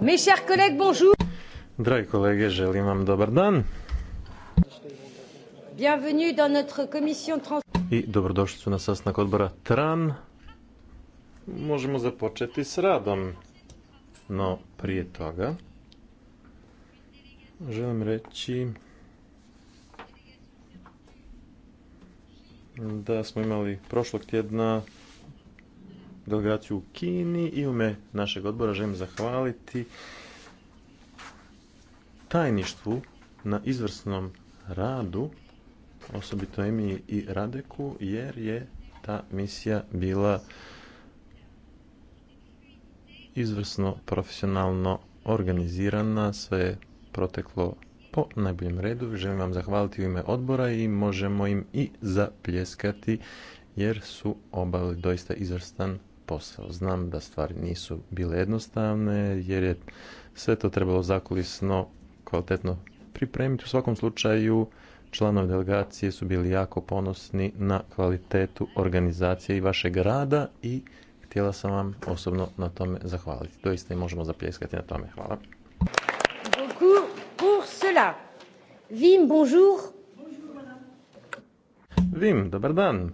Mes chers collègues, bonjour. Dragi kolege, želim vam dobar dan. Bienvenue dans notre commission trans... I dobrodošli su na sasnak odbora TRAN. Možemo započeti s radom. No, prije toga želim reći da smo imali prošlog tjedna delegaciju u Kini i u ime našeg odbora želim zahvaliti tajništvu na izvrsnom radu, osobito Emiji i Radeku, jer je ta misija bila izvrsno profesionalno organizirana, sve je proteklo po najboljem redu. Želim vam zahvaliti u ime odbora i možemo im i zapljeskati jer su obavili doista izvrstan posao. Znam da stvari nisu bile jednostavne jer je sve to trebalo zakulisno kvalitetno pripremiti. U svakom slučaju članovi delegacije su bili jako ponosni na kvalitetu organizacije i vašeg rada i htjela sam vam osobno na tome zahvaliti. Doista i možemo zapljeskati na tome. Hvala. Vim, bonjour. Vim, dobar dan.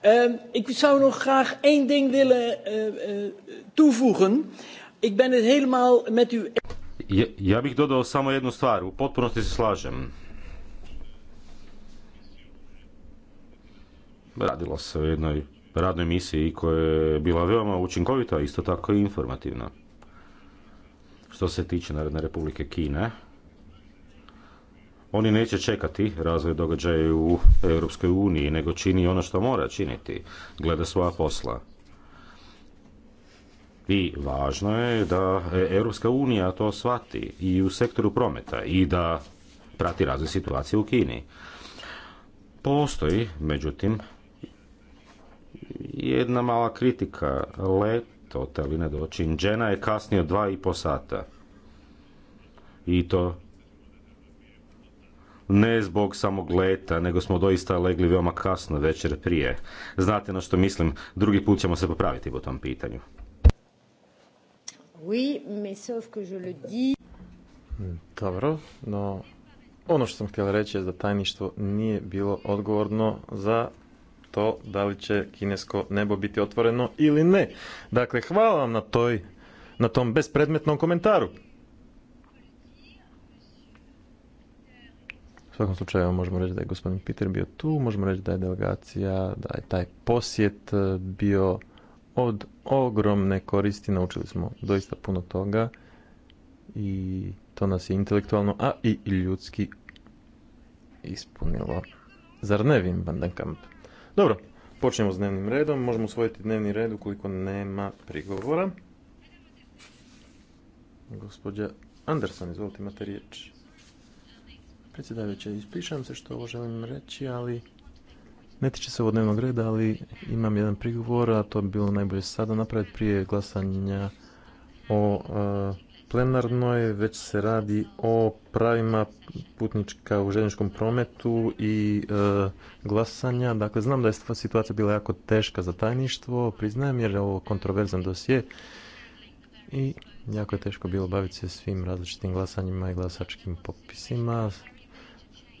Ehm, ik zou nog graag één ding willen eh, eh, toevoegen. Ik ben het helemaal met u... E- ja, bih dodao samo jednu stvar. U potpunosti se slažem. Radilo se o jednoj radnoj misiji koja je bila veoma učinkovita, isto tako i informativna. Što se tiče Narodne republike Kine, oni neće čekati razvoj događaja u Europskoj uniji, nego čini ono što mora činiti, gleda svoja posla. I važno je da e, Europska unija to shvati i u sektoru prometa i da prati razvoj situacije u Kini. Postoji, međutim, jedna mala kritika. Let od Talina do Činđena je kasnio dva i po sata. I to ne zbog samog leta, nego smo doista legli veoma kasno večer prije. Znate na što mislim, drugi put ćemo se popraviti po tom pitanju. Oui, mais sauf que je le dis... Dobro, no ono što sam htjela reći je da tajništvo nije bilo odgovorno za to da li će kinesko nebo biti otvoreno ili ne. Dakle, hvala vam na, toj, na tom bespredmetnom komentaru. svakom slučaju možemo reći da je gospodin Peter bio tu, možemo reći da je delegacija, da je taj posjet e, bio od ogromne koristi, naučili smo doista puno toga i to nas je intelektualno, a i ljudski ispunilo. Zar ne vim, Dobro, počnemo s dnevnim redom. Možemo usvojiti dnevni red ukoliko nema prigovora. Gospodja Anderson, izvolite, imate riječ predsjedavajući ispričavam se što ovo želim reći, ali ne tiče se ovo dnevnog reda, ali imam jedan prigovor, a to bi bilo najbolje sada napraviti prije glasanja o e, plenarnoj, već se radi o pravima putnička u željezničkom prometu i e, glasanja. Dakle, znam da je situacija bila jako teška za tajništvo, priznajem jer je ovo kontroverzan dosje i jako je teško bilo baviti se svim različitim glasanjima i glasačkim popisima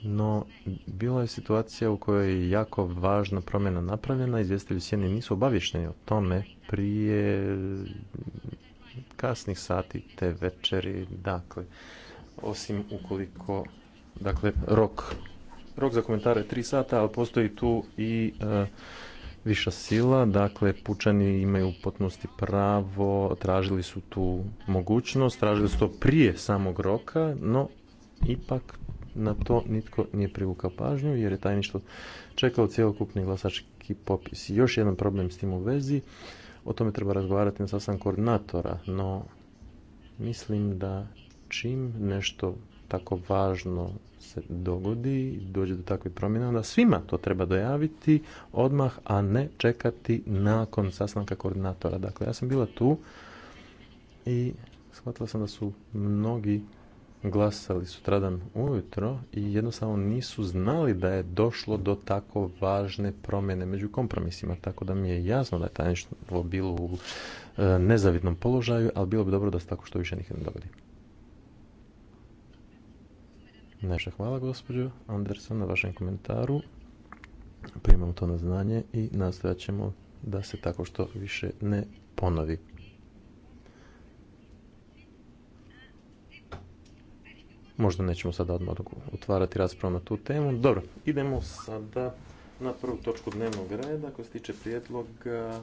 no bila je situacija u kojoj je jako važna promjena napravljena, izvjestitelji sjeni nisu obavješteni o tome prije kasnih sati te večeri, dakle, osim ukoliko, dakle, rok, rok za komentare je tri sata, ali postoji tu i e, viša sila, dakle pučani imaju u pravo, tražili su tu mogućnost, tražili su to prije samog roka, no ipak na to nitko nije privukao pažnju jer je tajništvo čekao cjelokupni glasački popis. Još jedan problem s tim u vezi, o tome treba razgovarati na sastanku koordinatora, no mislim da čim nešto tako važno se dogodi dođe do takve promjene, onda svima to treba dojaviti odmah, a ne čekati nakon sastanka koordinatora. Dakle, ja sam bila tu i shvatila sam da su mnogi glasali sutradan ujutro i jednostavno nisu znali da je došlo do tako važne promjene među kompromisima. Tako da mi je jasno da je tajništvo bilo u e, nezavidnom položaju, ali bilo bi dobro da se tako što više nikad ne dogodi. Najša hvala gospođo Anderson na vašem komentaru. Primamo to na znanje i nastojat ćemo da se tako što više ne ponovi. Možda nećemo sada odmah otvarati raspravu na tu temu. Dobro, idemo sada na prvu točku dnevnog reda koja se tiče prijedloga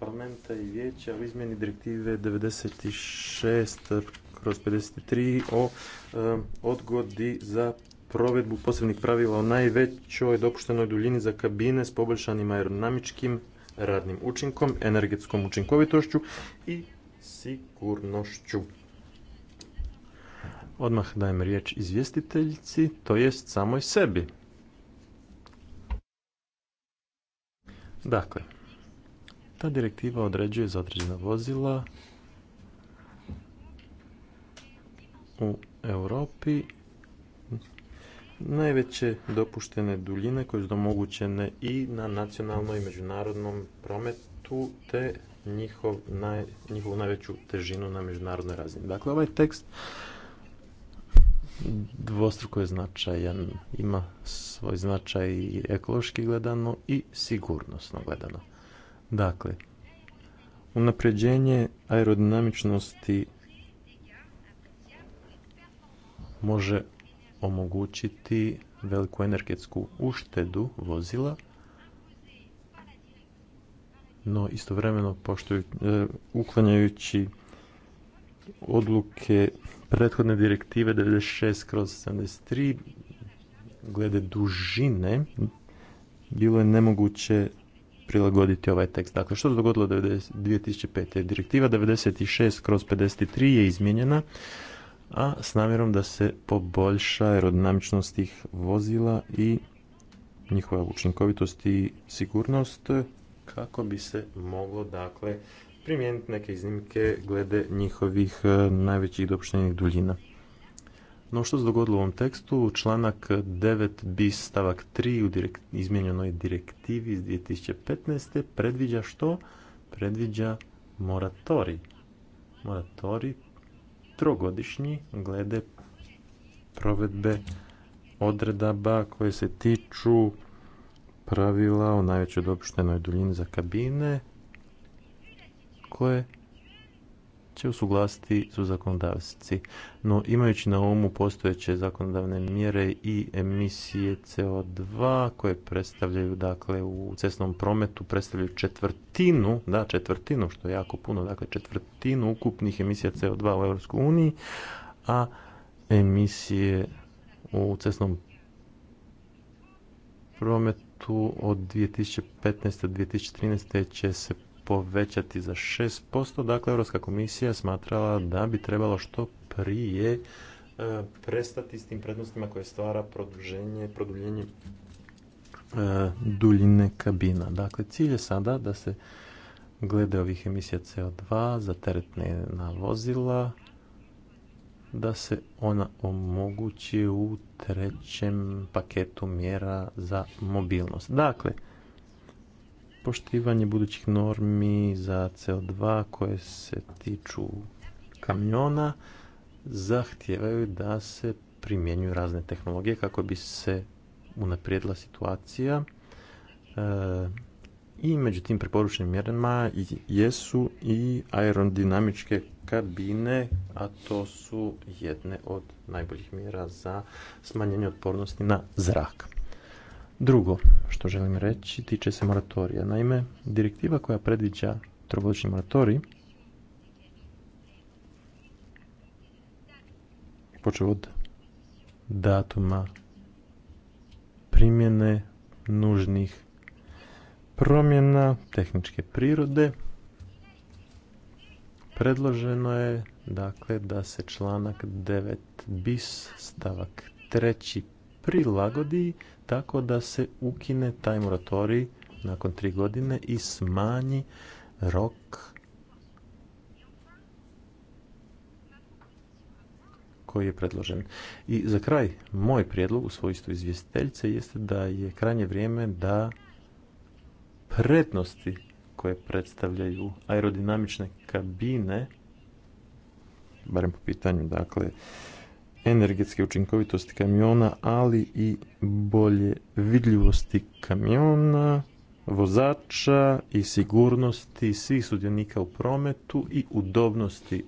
parlamenta i vijeća o izmjeni direktive 96 kroz 53 o odgodi za provedbu posebnih pravila o najvećoj dopuštenoj duljini za kabine s poboljšanim aerodinamičkim radnim učinkom, energetskom učinkovitošću i sigurnošću. Odmah dajem riječ izvjestiteljici, to jest samoj sebi. Dakle, ta direktiva određuje za određena vozila u Europi najveće dopuštene duljine koje su domogućene i na nacionalnom i međunarodnom prometu te njihov, njihovu najveću težinu na međunarodnoj razini. Dakle, ovaj tekst dvostruko je značajan, ima svoj značaj i ekološki gledano i sigurnosno gledano. Dakle, unapređenje aerodinamičnosti može omogućiti veliku energetsku uštedu vozila, no istovremeno pošto e, uklanjajući odluke prethodne direktive 96 kroz 73 glede dužine bilo je nemoguće prilagoditi ovaj tekst. Dakle, što se dogodilo 2005. Direktiva 96 kroz 53 je izmijenjena, a s namjerom da se poboljša aerodinamičnost tih vozila i njihova učinkovitost i sigurnost kako bi se moglo dakle primijeniti neke iznimke glede njihovih e, najvećih dopuštenih duljina. No što se dogodilo u ovom tekstu? Članak 9 bis stavak 3 u izmijenjenoj direktivi iz 2015. predviđa što? Predviđa moratorij. Moratorij trogodišnji glede provedbe odredaba koje se tiču pravila o najvećoj dopuštenoj duljini za kabine koje će usuglasiti su zakonodavci. No, imajući na umu postojeće zakonodavne mjere i emisije CO2 koje predstavljaju, dakle, u cestnom prometu predstavljaju četvrtinu, da, četvrtinu, što je jako puno, dakle, četvrtinu ukupnih emisija CO2 u EU uniji, a emisije u cestnom prometu od 2015. do 2013. će se povećati za 6%. Dakle, Europska komisija smatrala da bi trebalo što prije e, prestati s tim prednostima koje stvara produženje, produljenje e, duljine kabina. Dakle, cilj je sada da se glede ovih emisija CO2 za teretna vozila da se ona omogući u trećem paketu mjera za mobilnost. Dakle, poštivanje budućih normi za CO2 koje se tiču kamiona zahtijevaju da se primjenjuju razne tehnologije kako bi se unaprijedila situacija e, i među tim preporučenim mjerama jesu i aerodinamičke kabine, a to su jedne od najboljih mjera za smanjenje otpornosti na zrak. Drugo, što želim reći, tiče se moratorija. Naime, direktiva koja predviđa trogodišnji moratorij počeo od datuma primjene nužnih promjena tehničke prirode predloženo je dakle da se članak 9 bis stavak 3 prilagodi tako da se ukine taj moratorij nakon tri godine i smanji rok koji je predložen. I za kraj, moj prijedlog u svojstvu izvjestiteljice jeste da je krajnje vrijeme da prednosti koje predstavljaju aerodinamične kabine, barem po pitanju dakle energetske učinkovitosti kamiona, ali i bolje vidljivosti kamiona, vozača i sigurnosti svih sudionika u prometu i udobnosti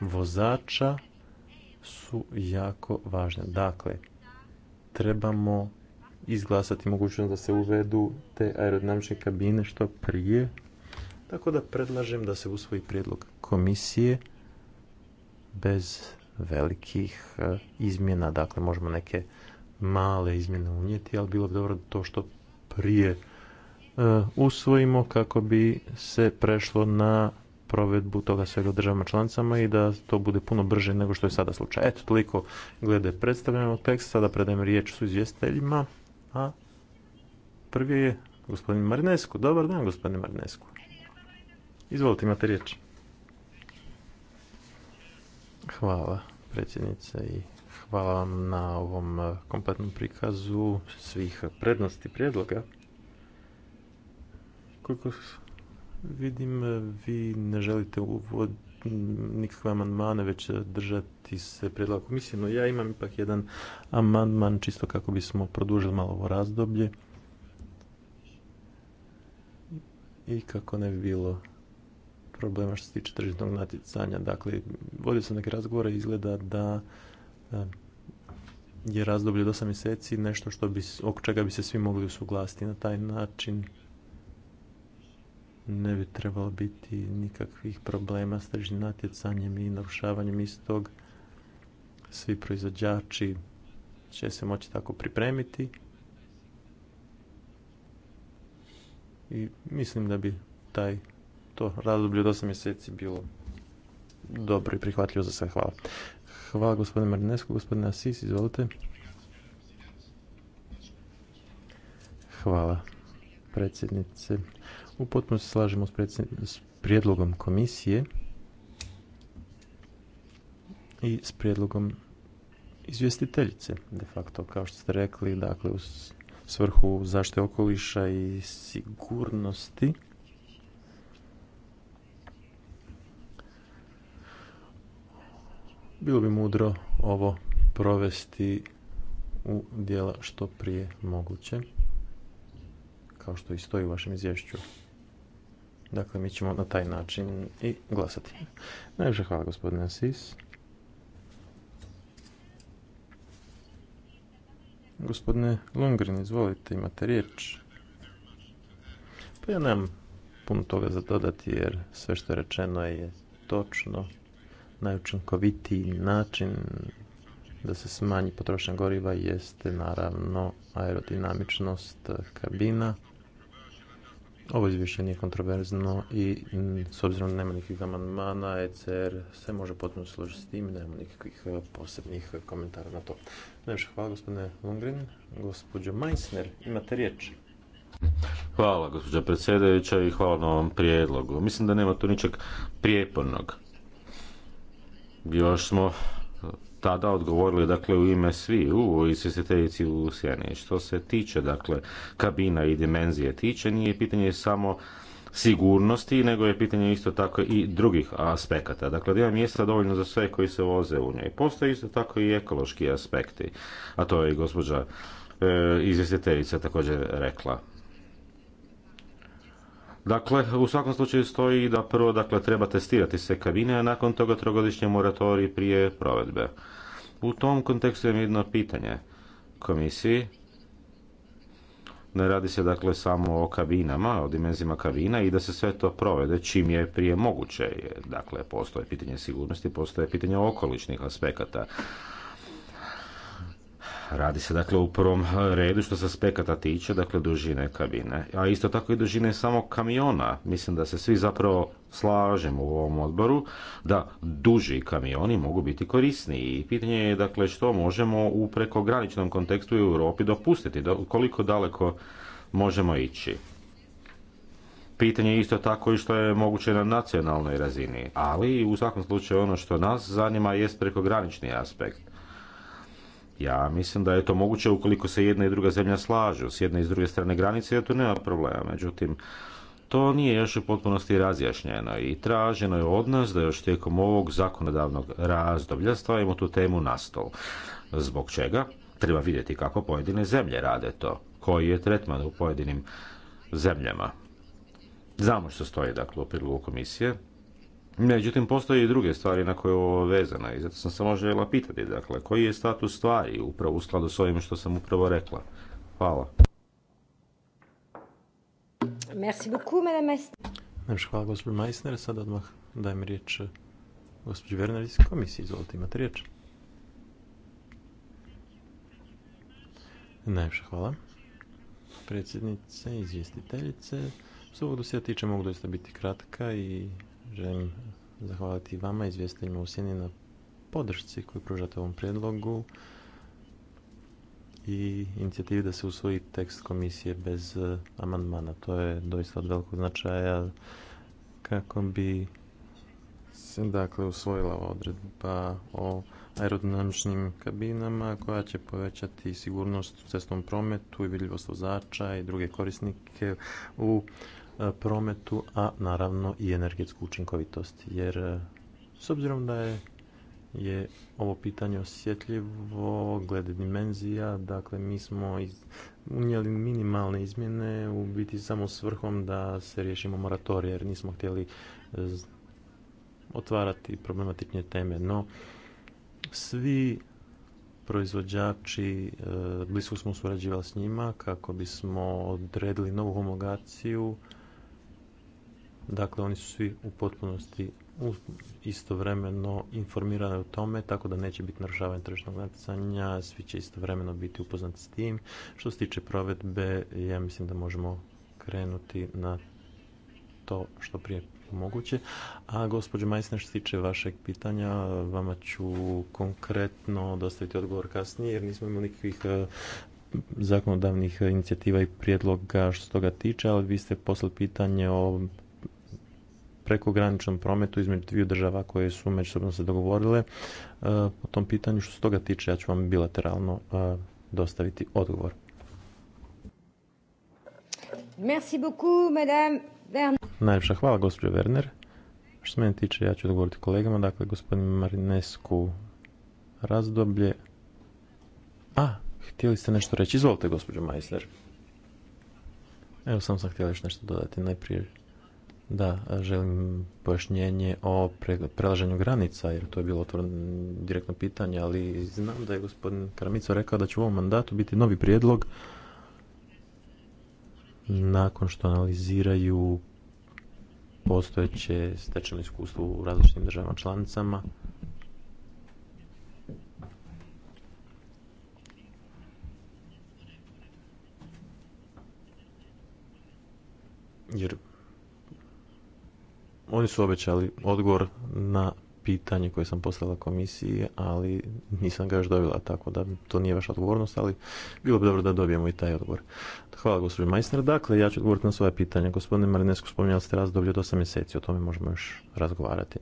vozača su jako važne. Dakle, trebamo izglasati mogućnost da se uvedu te aerodinamične kabine što prije. Tako da predlažem da se usvoji prijedlog komisije bez velikih e, izmjena, dakle možemo neke male izmjene unijeti, ali bilo bi dobro da to što prije e, usvojimo kako bi se prešlo na provedbu toga svega državama članicama i da to bude puno brže nego što je sada slučaj. Eto, toliko glede predstavljenog teksta. Sada predajem riječ su izvjestiteljima. A prvi je gospodin Marinesku. Dobar dan, gospodine Marinesku. Izvolite, imate riječ. Hvala predsjednice i hvala vam na ovom eh, kompletnom prikazu svih prednosti prijedloga. Koliko vidim, eh, vi ne želite uvoditi nikakve amandmane, već držati se prijedloga komisije, no ja imam ipak jedan amandman čisto kako bismo produžili malo ovo razdoblje i kako ne bi bilo problema što se tiče tržišnog natjecanja. Dakle, vodio sam neke razgovore i izgleda da je razdoblje od 8 mjeseci nešto što bi, oko čega bi se svi mogli usuglasiti na taj način ne bi trebalo biti nikakvih problema s tržnim natjecanjem i narušavanjem istog. Svi proizvođači će se moći tako pripremiti. I mislim da bi taj to razdoblje od 8 mjeseci bilo dobro i prihvatljivo za sve. Hvala. Hvala gospodine Marinesku, gospodine Asis, izvolite. Hvala predsjednice. U potpunosti slažemo s, s prijedlogom komisije i s prijedlogom izvjestiteljice, de facto, kao što ste rekli, dakle, u svrhu zaštite okoliša i sigurnosti Bilo bi mudro ovo provesti u dijela što prije moguće, kao što i stoji u vašem izvješću. Dakle, mi ćemo na taj način i glasati. Najviše hvala gospodine Asis. Gospodine Lundgren, izvolite, imate riječ. Pa ja nemam puno toga za dodati jer sve što je rečeno je točno najučinkovitiji način da se smanji potrošnja goriva jeste naravno aerodinamičnost kabina. Ovo izvješće nije kontroverzno i s obzirom da nema nikakvih amandmana, ECR se može potpuno složiti s tim, nema nikakvih e, posebnih komentara na to. Najviše hvala gospodine Lundgren. Gospodin Meissner, imate riječ. Hvala gospođa predsjedajuća i hvala na ovom prijedlogu. Mislim da nema tu ničeg prijepornog još smo tada odgovorili dakle u ime svi u izvjestiteljici u Sjeni. Što se tiče dakle kabina i dimenzije tiče, nije pitanje samo sigurnosti, nego je pitanje isto tako i drugih aspekata. Dakle, da ima mjesta dovoljno za sve koji se voze u njoj. Postoje isto tako i ekološki aspekti, a to je i gospođa e, izvjestiteljica također rekla. Dakle, u svakom slučaju stoji da prvo dakle, treba testirati se kabine, a nakon toga trogodišnje moratorij prije provedbe. U tom kontekstu je jedno pitanje komisiji. Ne radi se dakle samo o kabinama, o dimenzijama kabina i da se sve to provede čim je prije moguće. Dakle, postoje pitanje sigurnosti, postoje pitanje okolišnih aspekata. Radi se dakle u prvom redu što se aspekata tiče, dakle dužine kabine, a isto tako i dužine samog kamiona. Mislim da se svi zapravo slažemo u ovom odboru da duži kamioni mogu biti korisniji i pitanje je dakle što možemo u prekograničnom kontekstu u Europi dopustiti, koliko daleko možemo ići. Pitanje je isto tako i što je moguće na nacionalnoj razini, ali u svakom slučaju ono što nas zanima jest prekogranični aspekt ja mislim da je to moguće ukoliko se jedna i druga zemlja slažu s jedne i s druge strane granice, jer tu nema problema. Međutim, to nije još u potpunosti razjašnjeno i traženo je od nas da još tijekom ovog zakonodavnog razdoblja stavimo tu temu na stol. Zbog čega? Treba vidjeti kako pojedine zemlje rade to, koji je tretman u pojedinim zemljama. Znamo što stoji dakle u prilogu komisije, Međutim, postoje i druge stvari na koje je ovo vezana i zato sam samo željela pitati, dakle, koji je status stvari upravo u skladu s ovim što sam upravo rekla? Hvala. Merci beaucoup, madame Meissner. hvala, gospođo Meissner. Sad odmah dajem riječ eh, gospođi Werner iz komisije. Izvolite, imate riječ. Najviše hvala. Predsjednice, izvjestiteljice. S ovog dosija tiče mogu doista biti kratka i želim zahvaliti vama, izvjestiteljima u Sjeni na podršci koju pružate ovom predlogu i inicijativi da se usvoji tekst komisije bez e, amandmana. To je doista od velikog značaja kako bi se dakle usvojila odredba o aerodinamičnim kabinama koja će povećati sigurnost u cestnom prometu i vidljivost vozača i druge korisnike u E, prometu, a naravno i energetsku učinkovitost. Jer e, s obzirom da je, je ovo pitanje osjetljivo glede dimenzija, dakle mi smo iz, unijeli minimalne izmjene u biti samo svrhom da se riješimo moratorije jer nismo htjeli e, otvarati problematične teme. No, svi proizvođači, blisko smo surađivali s njima kako bismo odredili novu homologaciju Dakle, oni su svi u potpunosti istovremeno informirani o tome, tako da neće biti narušavanje tržišnog natjecanja, svi će istovremeno biti upoznati s tim. Što se tiče provedbe, ja mislim da možemo krenuti na to što prije moguće. A gospođo Majsner, što se tiče vašeg pitanja, vama ću konkretno dostaviti odgovor kasnije, jer nismo imali nikakvih e, zakonodavnih inicijativa i prijedloga što se toga tiče, ali vi ste poslali pitanje o prekograničnom prometu između dviju država koje su međusobno se dogovorile e, po tom pitanju. Što se toga tiče, ja ću vam bilateralno e, dostaviti odgovor. Najljepša hvala, gospođo Werner. Što se mene tiče, ja ću odgovoriti kolegama. Dakle, gospodin Marinescu razdoblje. A, htjeli ste nešto reći. Izvolite, gospođo Majsler. Evo, sam sam htjela još nešto dodati. Najprije da, želim pojašnjenje o prelaženju granica, jer to je bilo otvoreno mm, direktno pitanje, ali znam da je gospodin Karamico rekao da će u ovom mandatu biti novi prijedlog nakon što analiziraju postojeće stečeno iskustvo u različitim državama članicama. Jer oni su obećali odgovor na pitanje koje sam poslala komisiji, ali nisam ga još dobila, tako da to nije vaša odgovornost, ali bilo bi dobro da dobijemo i taj odgovor. Hvala gospodin Majsner. Dakle, ja ću odgovoriti na svoje pitanje. Gospodine Marinesku, spominjali ste razdoblje od 8 mjeseci, o tome možemo još razgovarati.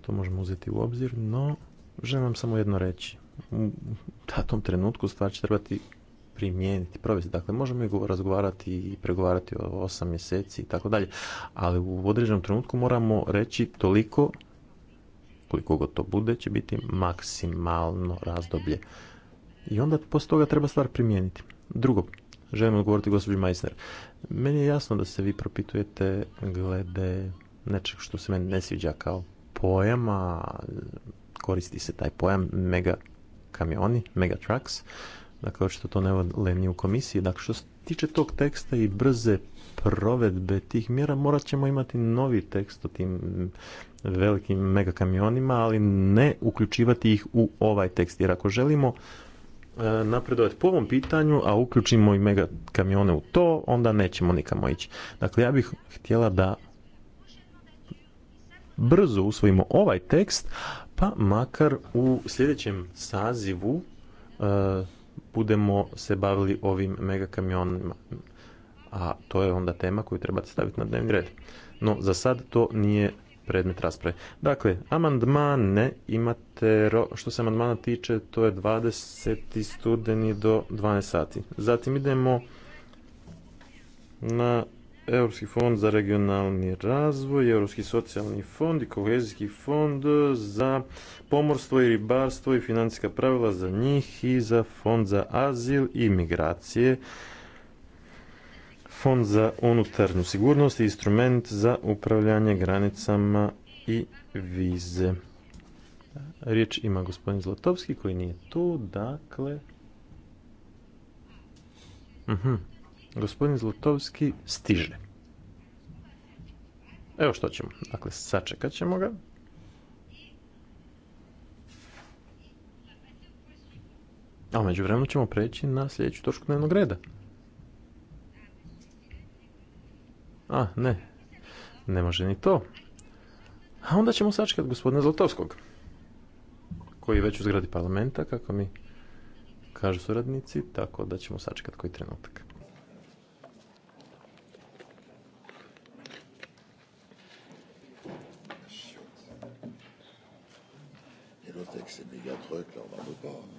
To možemo uzeti u obzir, no želim vam samo jedno reći. U datom trenutku stvar će trebati primijeniti, provesti. Dakle, možemo i razgovarati i pregovarati o osam mjeseci i tako dalje, ali u određenom trenutku moramo reći toliko, koliko god to bude, će biti maksimalno razdoblje. I onda poslije toga treba stvar primijeniti. Drugo, želim odgovoriti gospođi Meissner. Meni je jasno da se vi propitujete glede nečeg što se meni ne sviđa kao pojama, koristi se taj pojam mega kamioni, mega trucks. Dakle, očito to ne ni u komisiji. Dakle, što se tiče tog teksta i brze provedbe tih mjera, morat ćemo imati novi tekst o tim velikim megakamionima, ali ne uključivati ih u ovaj tekst. Jer ako želimo e, napredovati po ovom pitanju, a uključimo i mega kamione u to, onda nećemo nikamo ići. Dakle, ja bih htjela da brzo usvojimo ovaj tekst, pa makar u sljedećem sazivu e, budemo se bavili ovim megakamionima. A to je onda tema koju trebate staviti na dnevni red. No, za sad to nije predmet rasprave. Dakle, amandmane imate, što se amandmana tiče, to je 20. studeni do 12 sati. Zatim idemo na Europski fond za regionalni razvoj, Europski socijalni fond i kohezijski fond za pomorstvo i ribarstvo i financijska pravila za njih i za fond za azil i migracije, fond za unutarnju sigurnost i instrument za upravljanje granicama i vize. Riječ ima gospodin Zlatovski koji nije tu, dakle... Mhm. Gospodin Zlotovski stiže. Evo što ćemo. Dakle, sačekat ćemo ga. A među vremenu ćemo preći na sljedeću točku dnevnog reda. A, ne. Ne može ni to. A onda ćemo sačekat gospodina zlotovskog Koji je već u zgradi parlamenta, kako mi kažu suradnici, tako da ćemo sačekati koji trenutak. truc, là, on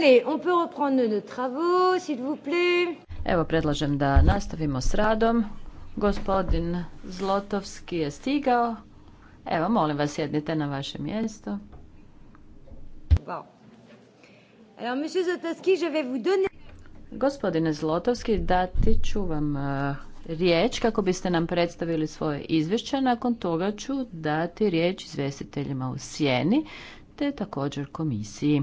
Allez, on peut reprendre nos travaux, s'il vous Evo, predlažem da nastavimo s radom. Gospodin Zlotovski je stigao. Evo, molim vas, sjednite na vaše mjesto. Wow. Alors, monsieur Gospodine Zlotovski, dati ću vam eh, riječ kako biste nam predstavili svoje izvješće. Nakon toga ću dati riječ izvjestiteljima u sjeni te također komisiji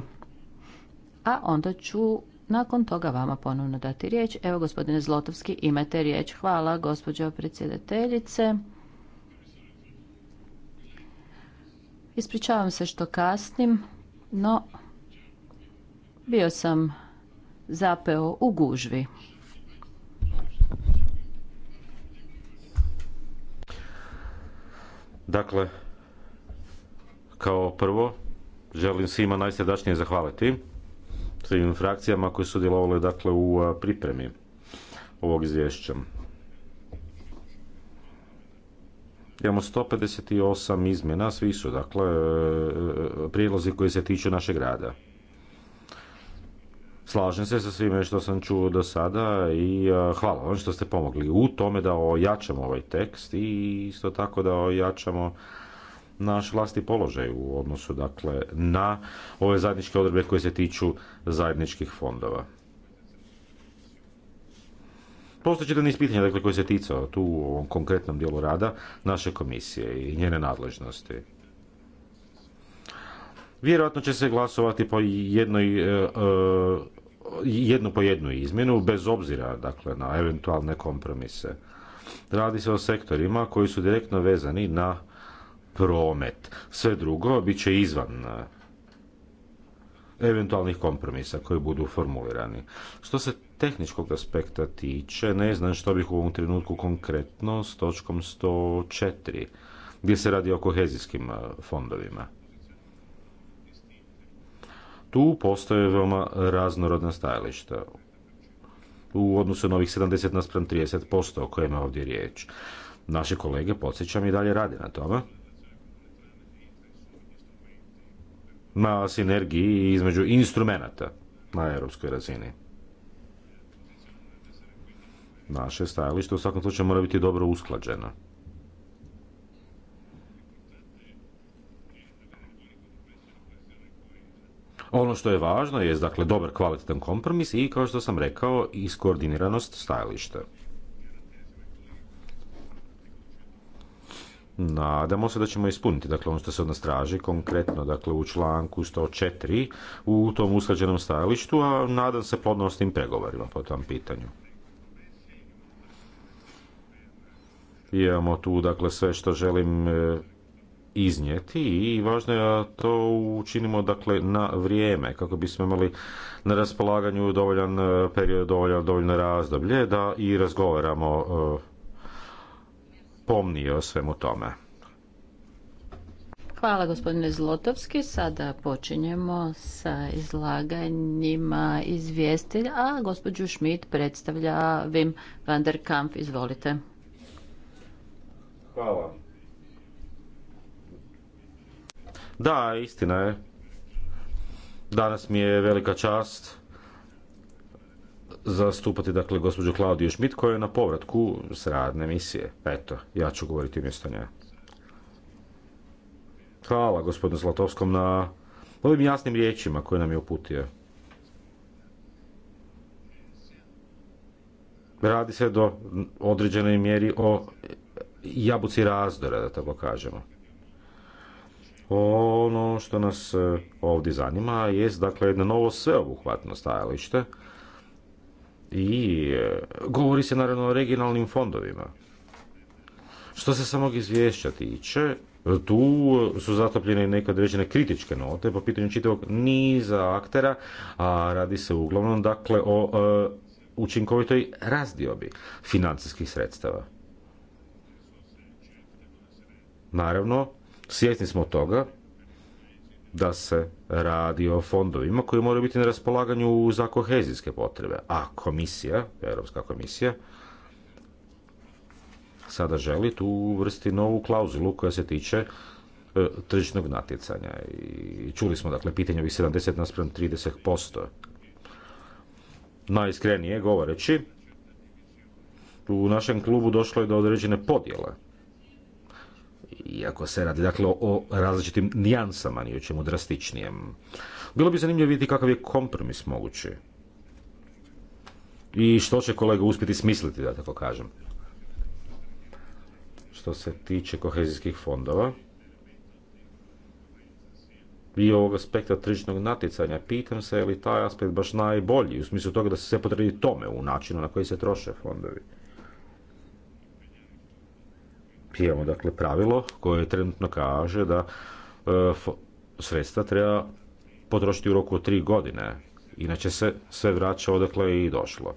a onda ću nakon toga vama ponovno dati riječ. Evo, gospodine Zlotovski, imate riječ. Hvala, gospođo predsjedateljice. Ispričavam se što kasnim, no bio sam zapeo u gužvi. Dakle, kao prvo, želim svima najsredačnije zahvaliti svim frakcijama koje su djelovali dakle, u pripremi ovog izvješća. Imamo 158 izmjena, svi su dakle e, e, prijedlozi koji se tiču našeg rada. Slažem se sa svime što sam čuo do sada i hvala vam što ste pomogli u tome da ojačamo ovaj tekst i isto tako da ojačamo naš vlasti položaj u odnosu dakle na ove zajedničke odredbe koje se tiču zajedničkih fondova. Postoji čitav niz pitanja dakle, koje se ticao tu u ovom konkretnom dijelu rada naše komisije i njene nadležnosti. Vjerojatno će se glasovati po jednoj e, e, jednu po jednu izmjenu, bez obzira dakle, na eventualne kompromise. Radi se o sektorima koji su direktno vezani na promet. Sve drugo bit će izvan e, eventualnih kompromisa koji budu formulirani. Što se tehničkog aspekta tiče, ne znam što bih u ovom trenutku konkretno s točkom 104, gdje se radi o kohezijskim e, fondovima. Tu postoje veoma raznorodna stajališta u odnosu na ovih 70 naspram 30% o kojima je ovdje riječ. Naše kolege, podsjećam, i dalje rade na tome. na sinergiji između instrumenata na europskoj razini. Naše stajalište u svakom slučaju mora biti dobro usklađeno. Ono što je važno je dakle dobar kvalitetan kompromis i kao što sam rekao iskoordiniranost stajališta. Nadamo se da ćemo ispuniti, dakle ono što se od nas traži, konkretno dakle u članku 104 u tom usklađenom stajalištu, a nadam se tim pregovorima po tom pitanju. Imamo tu dakle sve što želim e, iznijeti i važno je da to učinimo dakle na vrijeme kako bismo imali na raspolaganju dovoljan e, period, dovoljno, dovoljno razdoblje da i razgovaramo e, pomni o svemu tome. Hvala gospodine Zlotovski. Sada počinjemo sa izlaganjima izvijestilja, a gospođu Šmit predstavlja Wim van der Kamp. Izvolite. Hvala. Da, istina je. Danas mi je velika čast zastupati dakle gospođu Klaudiju Šmit koja je na povratku s radne misije. Eto, ja ću govoriti umjesto nje. Hvala gospodinu Zlatovskom na ovim jasnim riječima koje nam je uputio. Radi se do određenoj mjeri o jabuci razdora, da tako kažemo. Ono što nas eh, ovdje zanima jest dakle jedno novo sveobuhvatno stajalište i e, govori se naravno o regionalnim fondovima. Što se samog izvješća tiče, tu su zatopljene neke određene kritičke note po pitanju čitavog niza aktera, a radi se uglavnom dakle o e, učinkovitoj razdiobi financijskih sredstava. Naravno, svjesni smo toga da se radi o fondovima koji moraju biti na raspolaganju za kohezijske potrebe. A komisija, Europska komisija, sada želi tu uvrsti novu klauzulu koja se tiče e, tržišnog natjecanja. I čuli smo, dakle, pitanje ovih 70 naspram 30%. Najiskrenije govoreći, u našem klubu došlo je do određene podjele iako se radi dakle o različitim nijansama, ni o čemu drastičnijem. Bilo bi zanimljivo vidjeti kakav je kompromis mogući. I što će kolega uspjeti smisliti, da tako kažem. Što se tiče kohezijskih fondova i ovog aspekta tržišnog natjecanja, pitam se je li taj aspekt baš najbolji, u smislu toga da se sve tome u načinu na koji se troše fondovi imamo dakle pravilo koje trenutno kaže da e, sredstva treba potrošiti u roku od tri godine. Inače se sve vraća odakle je i došlo.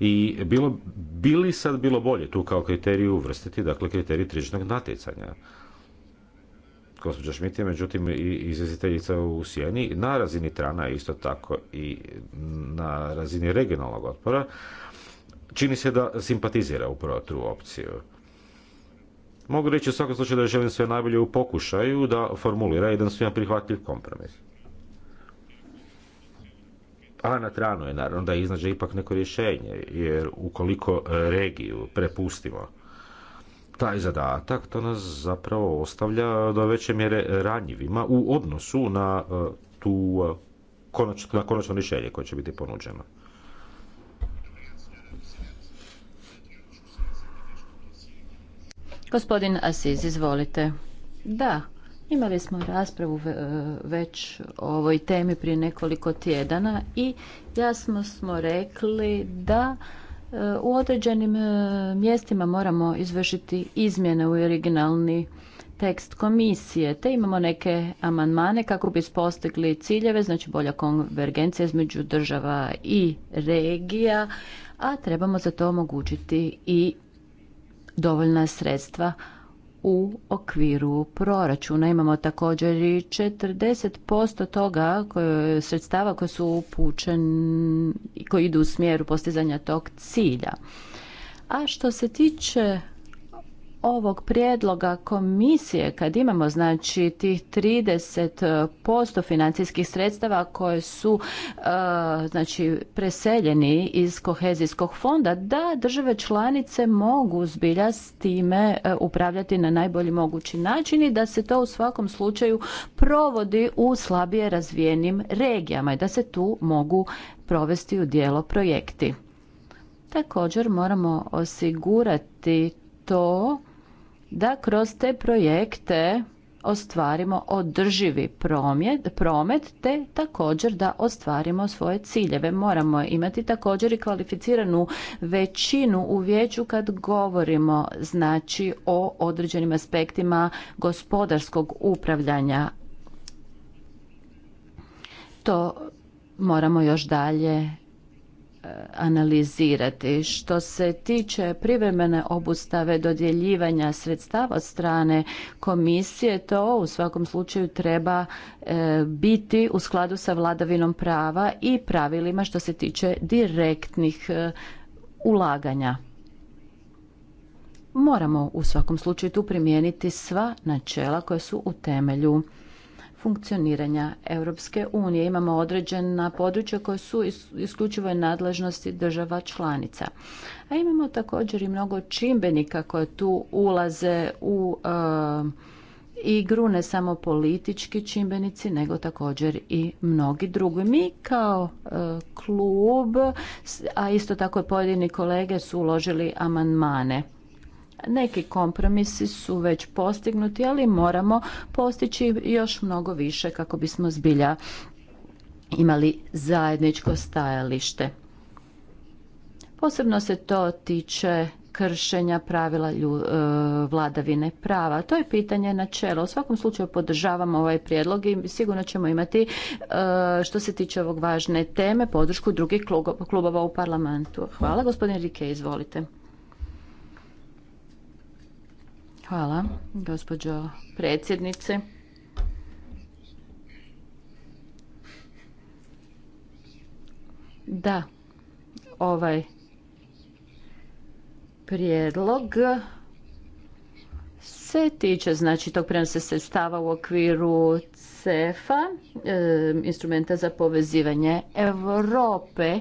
I bilo, bi li sad bilo bolje tu kao kriteriju uvrstiti, dakle, kriterij tržišnog natjecanja? Gospođa Šmit je međutim i izvjestiteljica u Sjeni, na razini Trana isto tako i na razini regionalnog otpora, čini se da simpatizira upravo tu opciju. Mogu reći u svakom slučaju da želim sve najbolje u pokušaju da formulira jedan svima prihvatljiv kompromis. A na tranu je naravno da iznađe ipak neko rješenje, jer ukoliko regiju prepustimo taj zadatak, to nas zapravo ostavlja do veće mjere ranjivima u odnosu na eh, tu eh, na konačno rješenje koje će biti ponuđeno. Gospodin Asiz, izvolite. Da, imali smo raspravu e, već o ovoj temi prije nekoliko tjedana i jasno smo rekli da e, u određenim e, mjestima moramo izvršiti izmjene u originalni tekst komisije, te imamo neke amandmane kako bi postigli ciljeve, znači bolja konvergencija između država i regija, a trebamo za to omogućiti i dovoljna sredstva u okviru proračuna. Imamo također i 40% toga koje, sredstava koji su upućeni, koji idu u smjeru postizanja tog cilja. A što se tiče ovog prijedloga komisije kad imamo znači tih 30% financijskih sredstava koje su e, znači preseljeni iz kohezijskog fonda da države članice mogu zbilja s time e, upravljati na najbolji mogući način i da se to u svakom slučaju provodi u slabije razvijenim regijama i da se tu mogu provesti u dijelo projekti. Također moramo osigurati to da kroz te projekte ostvarimo održivi promet, promet te također da ostvarimo svoje ciljeve. Moramo imati također i kvalificiranu većinu u vijeću kad govorimo znači o određenim aspektima gospodarskog upravljanja. To moramo još dalje E, analizirati. Što se tiče privremene obustave dodjeljivanja sredstava od strane komisije, to u svakom slučaju treba e, biti u skladu sa vladavinom prava i pravilima što se tiče direktnih e, ulaganja. Moramo u svakom slučaju tu primijeniti sva načela koja su u temelju funkcioniranja Europske unije. Imamo određena područja koja su isključivo nadležnosti država članica. A imamo također i mnogo čimbenika koje tu ulaze u e, igru, ne samo politički čimbenici, nego također i mnogi drugi. Mi kao eh, klub, a isto tako i pojedini kolege su uložili amandmane neki kompromisi su već postignuti, ali moramo postići još mnogo više kako bismo zbilja imali zajedničko stajalište. Posebno se to tiče kršenja pravila e, vladavine prava. To je pitanje načela. U svakom slučaju podržavamo ovaj prijedlog i sigurno ćemo imati e, što se tiče ovog važne teme podršku drugih klubova u parlamentu. Hvala. Gospodin Rike, izvolite. Hvala, gospođo predsjednice. Da, ovaj prijedlog se tiče znači tog prenosa sredstava u okviru CEFA, e, instrumenta za povezivanje Europe.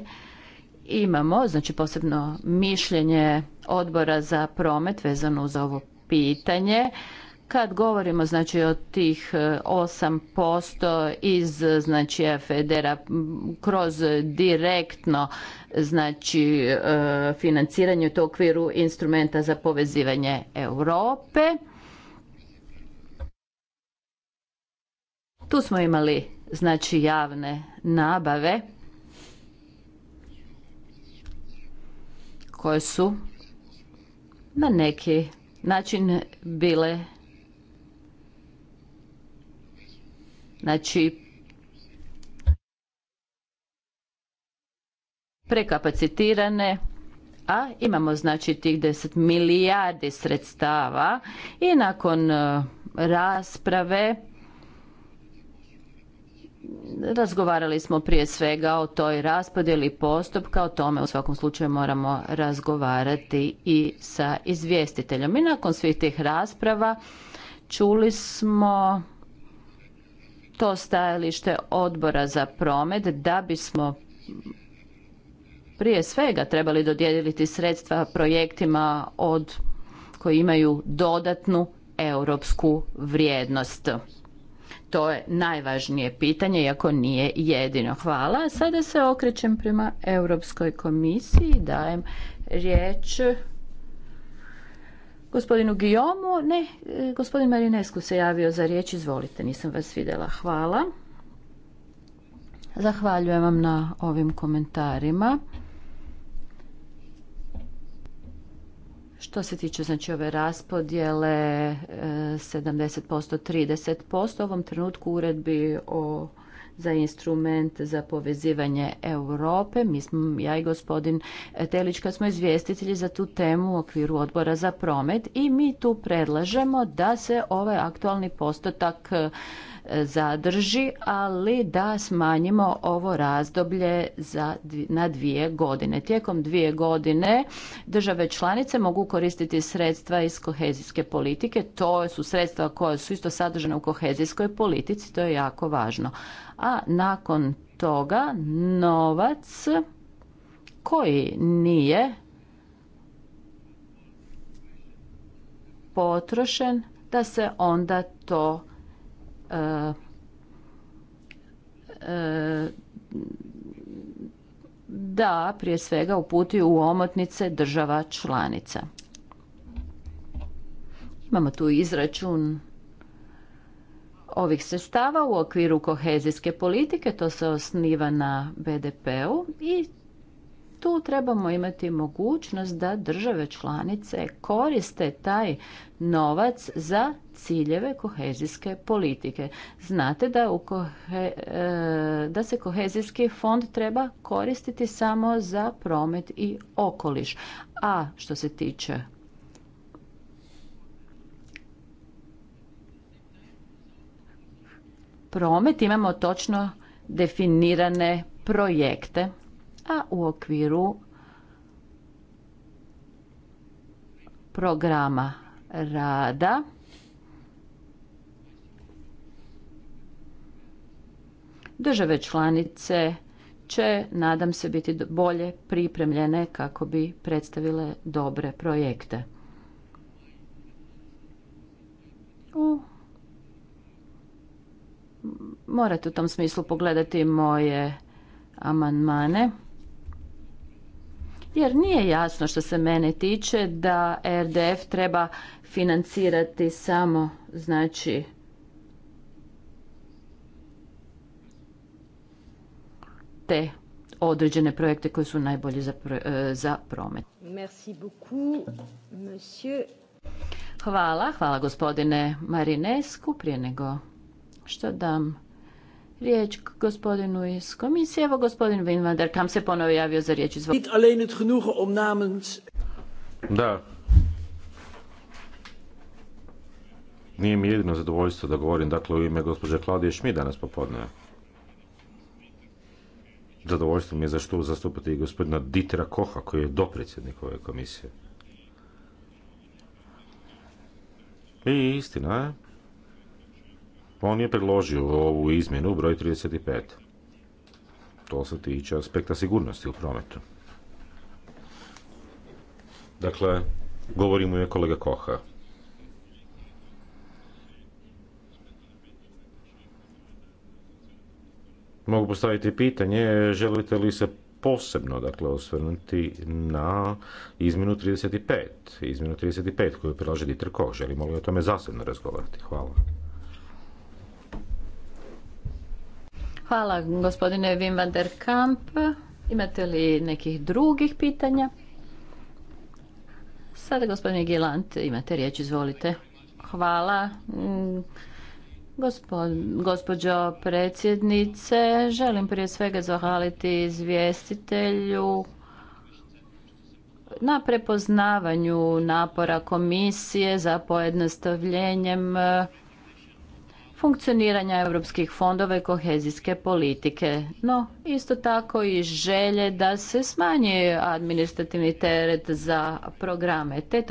Imamo znači posebno mišljenje odbora za promet vezano uz ovo pitanje. Kad govorimo znači o tih 8% e, iz znači FEDERA kroz direktno znači e, financiranje u okviru instrumenta za povezivanje Europe. Tu smo imali znači javne nabave koje su na neki način bile znači prekapacitirane a imamo znači tih 10 milijardi sredstava i nakon eh, rasprave razgovarali smo prije svega o toj raspodjeli postupka, o tome u svakom slučaju moramo razgovarati i sa izvjestiteljom. I nakon svih tih rasprava čuli smo to stajalište odbora za promet da bismo prije svega trebali dodijeliti sredstva projektima od koji imaju dodatnu europsku vrijednost. To je najvažnije pitanje, iako nije jedino. Hvala. Sada se okrećem prema Europskoj komisiji. Dajem riječ gospodinu Gijomu. Ne, e, gospodin Marinesku se javio za riječ. Izvolite, nisam vas vidjela. Hvala. Zahvaljujem vam na ovim komentarima. Što se tiče znači ove raspodjele 70%, eh, 30%, u ovom trenutku uredbi o za instrument za povezivanje Europe. Mi smo, ja i gospodin Telička smo izvjestitelji za tu temu u okviru odbora za promet i mi tu predlažemo da se ovaj aktualni postotak zadrži, ali da smanjimo ovo razdoblje za, na dvije godine. Tijekom dvije godine države članice mogu koristiti sredstva iz kohezijske politike. To su sredstva koja su isto sadržana u kohezijskoj politici, to je jako važno. A nakon toga novac koji nije potrošen da se onda to da prije svega uputi u omotnice država članica. Imamo tu izračun ovih sestava u okviru kohezijske politike, to se osniva na BDP-u i tu trebamo imati mogućnost da države članice koriste taj novac za ciljeve kohezijske politike. Znate da, u e, da se kohezijski fond treba koristiti samo za promet i okoliš. A što se tiče promet imamo točno definirane projekte a u okviru programa rada države članice će, nadam se, biti bolje pripremljene kako bi predstavile dobre projekte. Morate u tom smislu pogledati moje amandmane jer nije jasno što se mene tiče da RDF treba financirati samo znači te određene projekte koji su najbolji za, e, za promet. Merci beaucoup, monsieur. Hvala, hvala gospodine Marinesku. Prije nego što dam riječ gospodinu iz komisije. Evo gospodin Winvander, kam se ponovo javio za riječ. Izvod... Da. Nije mi jedino zadovoljstvo da govorim, dakle, u ime gospođe Klaudije Šmi danas popodne. Zadovoljstvo mi je za što zastupati i gospodina Ditera Koha, koji je dopredsjednik ove komisije. I istina je on je predložio ovu izmjenu broj 35. To se tiče aspekta sigurnosti u prometu. Dakle, govori mu je kolega Koha. Mogu postaviti pitanje, želite li se posebno dakle osvrnuti na izmjenu 35, izmjenu 35 koju prilaže Dieter Koch. Želimo li o tome zasebno razgovarati? Hvala. Hvala gospodine Wim van der Kamp. Imate li nekih drugih pitanja? Sada gospodine Gilant, imate riječ, izvolite. Hvala. Mm, gospođo predsjednice, želim prije svega zahvaliti izvjestitelju na prepoznavanju napora komisije za pojednostavljenjem funkcioniranja europskih fondova i kohezijske politike. No, isto tako i želje da se smanji administrativni teret za programe, te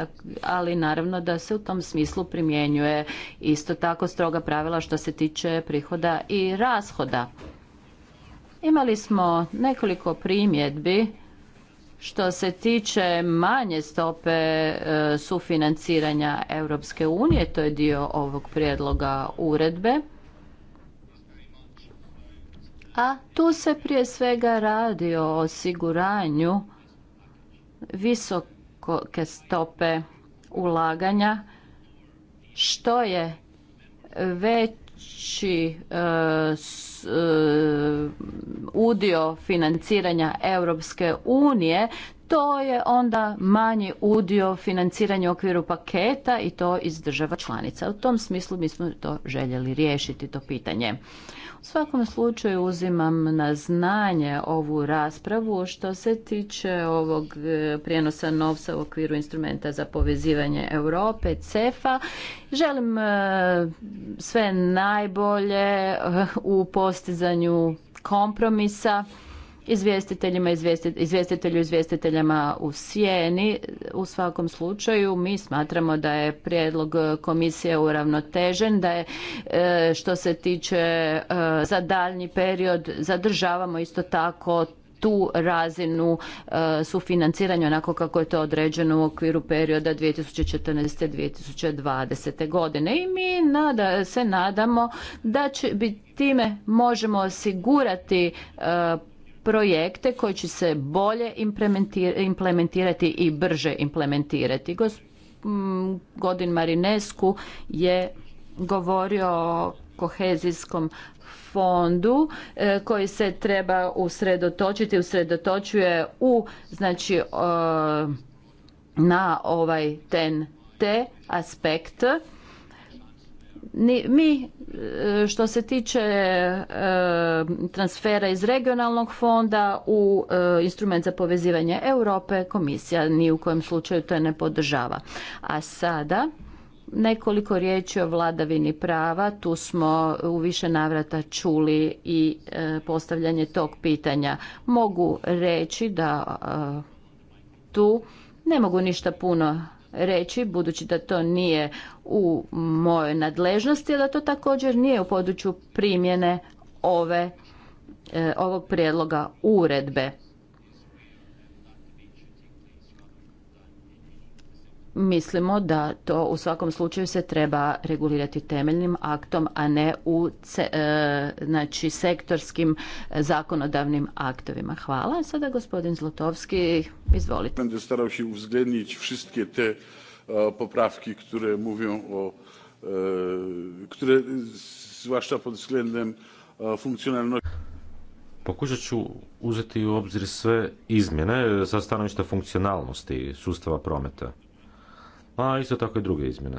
ali naravno da se u tom smislu primjenjuje isto tako stroga pravila što se tiče prihoda i rashoda. Imali smo nekoliko primjedbi što se tiče manje stope e, sufinanciranja Europske unije, to je dio ovog prijedloga uredbe. A tu se prije svega radi o osiguranju visoke stope ulaganja, što je već najveći e, e, udio financiranja Europske unije, to je onda manji udio financiranja u okviru paketa i to iz država članica. U tom smislu mi smo to željeli riješiti, to pitanje. U svakom slučaju uzimam na znanje ovu raspravu što se tiče ovog e, prijenosa novca u okviru instrumenta za povezivanje Europe, CEFA. Želim e, sve najbolje e, u postizanju kompromisa izvjestiteljima, izvjestitelju, izvjestiteljama u sjeni. U svakom slučaju mi smatramo da je prijedlog komisije uravnotežen, da je e, što se tiče e, za daljnji period zadržavamo isto tako tu razinu e, sufinanciranja onako kako je to određeno u okviru perioda 2014-2020. godine i mi nada, se nadamo da će bi time možemo osigurati projekte koji će se bolje implementirati i brže implementirati. Godin Marinescu je govorio o kohezijskom fondu e, koji se treba usredotočiti, usredotočuje u znači na ovaj ten te aspekt mi e, što se tiče e, transfera iz regionalnog fonda u e, instrument za povezivanje Europe, komisija ni u kojem slučaju to ne podržava. A sada nekoliko riječi o vladavini prava. Tu smo u više navrata čuli i postavljanje tog pitanja. Mogu reći da tu ne mogu ništa puno reći, budući da to nije u mojoj nadležnosti, da to također nije u području primjene ove, e, ovog prijedloga uredbe. mislimo da to u svakom slučaju se treba regulirati temeljnim aktom, a ne u ce, e, znači, sektorskim e, zakonodavnim aktovima. Hvala. Sada gospodin Zlotovski, izvolite. Będę starao se uwzględnić wszystkie te e, popravki które mówią o, które zwłaszcza pod względem funkcionalnosti. pokušat ću uzeti u obzir sve izmjene sa stanovišta funkcionalnosti sustava prometa a pa, isto tako i druge izmjene.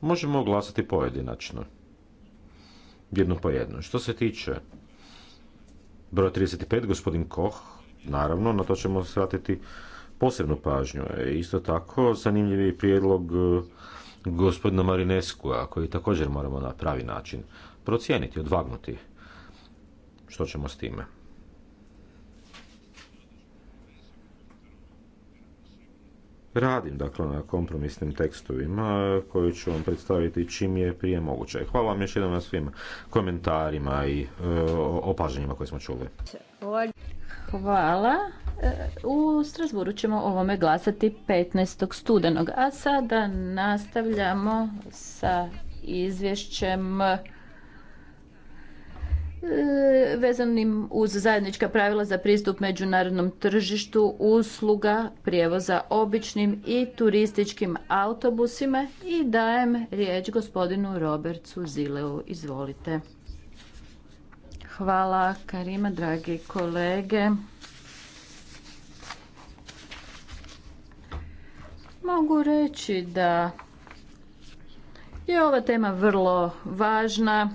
Možemo glasati pojedinačno. Jedno po jedno. Što se tiče broja 35, gospodin Koh, naravno, na to ćemo shvatiti posebnu pažnju. E, isto tako, zanimljiv je prijedlog e, gospodina Marineskua, koji također moramo na pravi način procijeniti, odvagnuti što ćemo s time. radim dakle na kompromisnim tekstovima e, koji ću vam predstaviti čim je prije moguće. Hvala vam još jednom na svim komentarima i e, opažanjima koje smo čuli. Hvala. E, u Strasburu ćemo ovome glasati 15. studenog, a sada nastavljamo sa izvješćem E, vezanim uz zajednička pravila za pristup međunarodnom tržištu usluga prijevoza običnim i turističkim autobusima i dajem riječ gospodinu Robertu Zileu. Izvolite. Hvala Karima, dragi kolege. Mogu reći da je ova tema vrlo važna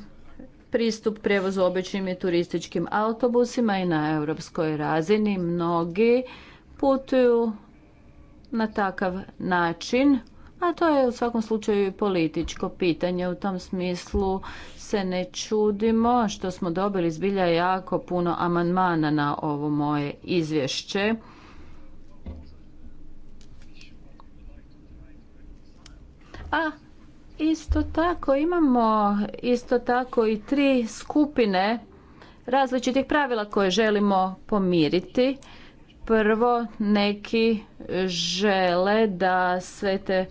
pristup prevozu običnim i turističkim autobusima i na europskoj razini mnogi putuju na takav način, a to je u svakom slučaju i političko pitanje. U tom smislu se ne čudimo što smo dobili zbilja jako puno amandmana na ovo moje izvješće. A Isto tako imamo isto tako i tri skupine različitih pravila koje želimo pomiriti. Prvo, neki žele da sve te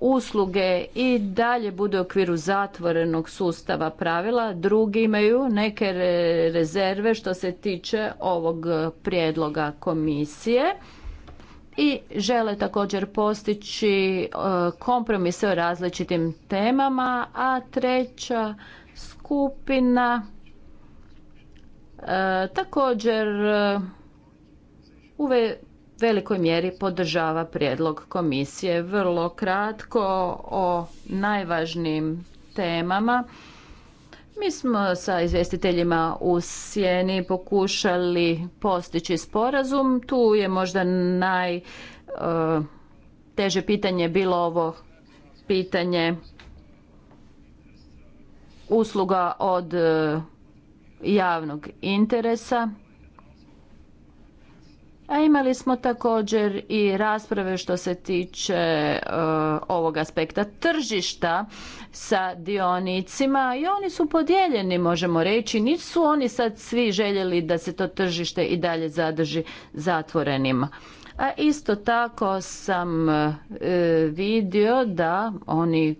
usluge i dalje bude u okviru zatvorenog sustava pravila, drugi imaju neke rezerve što se tiče ovog prijedloga komisije i žele također postići e, kompromise o različitim temama, a treća skupina e, također e, u velikoj mjeri podržava prijedlog komisije. Vrlo kratko o najvažnijim temama. Mi smo sa izvjestiteljima u Sjeni pokušali postići sporazum. Tu je možda najteže e, pitanje bilo ovo pitanje usluga od e, javnog interesa a imali smo također i rasprave što se tiče e, ovog aspekta tržišta sa dionicima i oni su podijeljeni možemo reći. Nisu oni sad svi željeli da se to tržište i dalje zadrži zatvorenima. A isto tako sam e, vidio da oni e,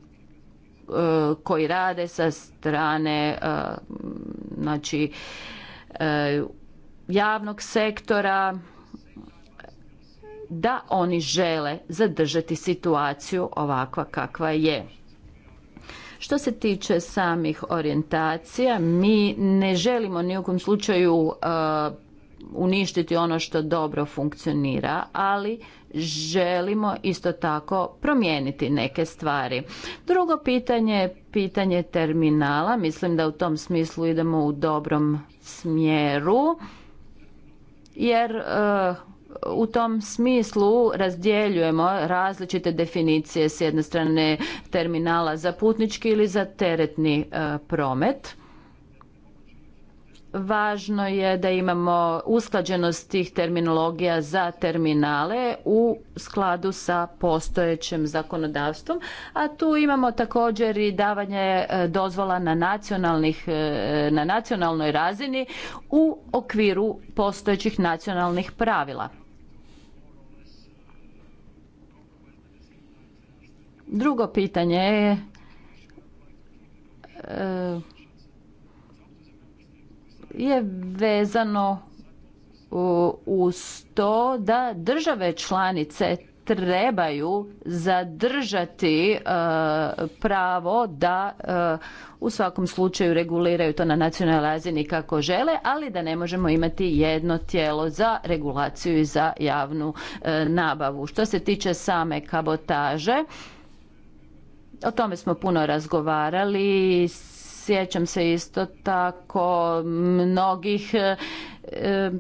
koji rade sa strane znači javnog sektora da oni žele zadržati situaciju ovakva kakva je. Što se tiče samih orijentacija, mi ne želimo ni u kom slučaju uh, uništiti ono što dobro funkcionira, ali želimo isto tako promijeniti neke stvari. Drugo pitanje je pitanje terminala. Mislim da u tom smislu idemo u dobrom smjeru jer uh, u tom smislu razdjeljujemo različite definicije s jedne strane terminala za putnički ili za teretni e, promet. Važno je da imamo usklađenost tih terminologija za terminale u skladu sa postojećim zakonodavstvom, a tu imamo također i davanje e, dozvola na, nacionalnih, e, na nacionalnoj razini u okviru postojećih nacionalnih pravila. Drugo pitanje je e, je vezano uz to da države članice trebaju zadržati e, pravo da e, u svakom slučaju reguliraju to na nacionalnoj razini kako žele, ali da ne možemo imati jedno tijelo za regulaciju i za javnu nabavu. Što se tiče same kabotaže, o tome smo puno razgovarali. Sjećam se isto tako mnogih e, e,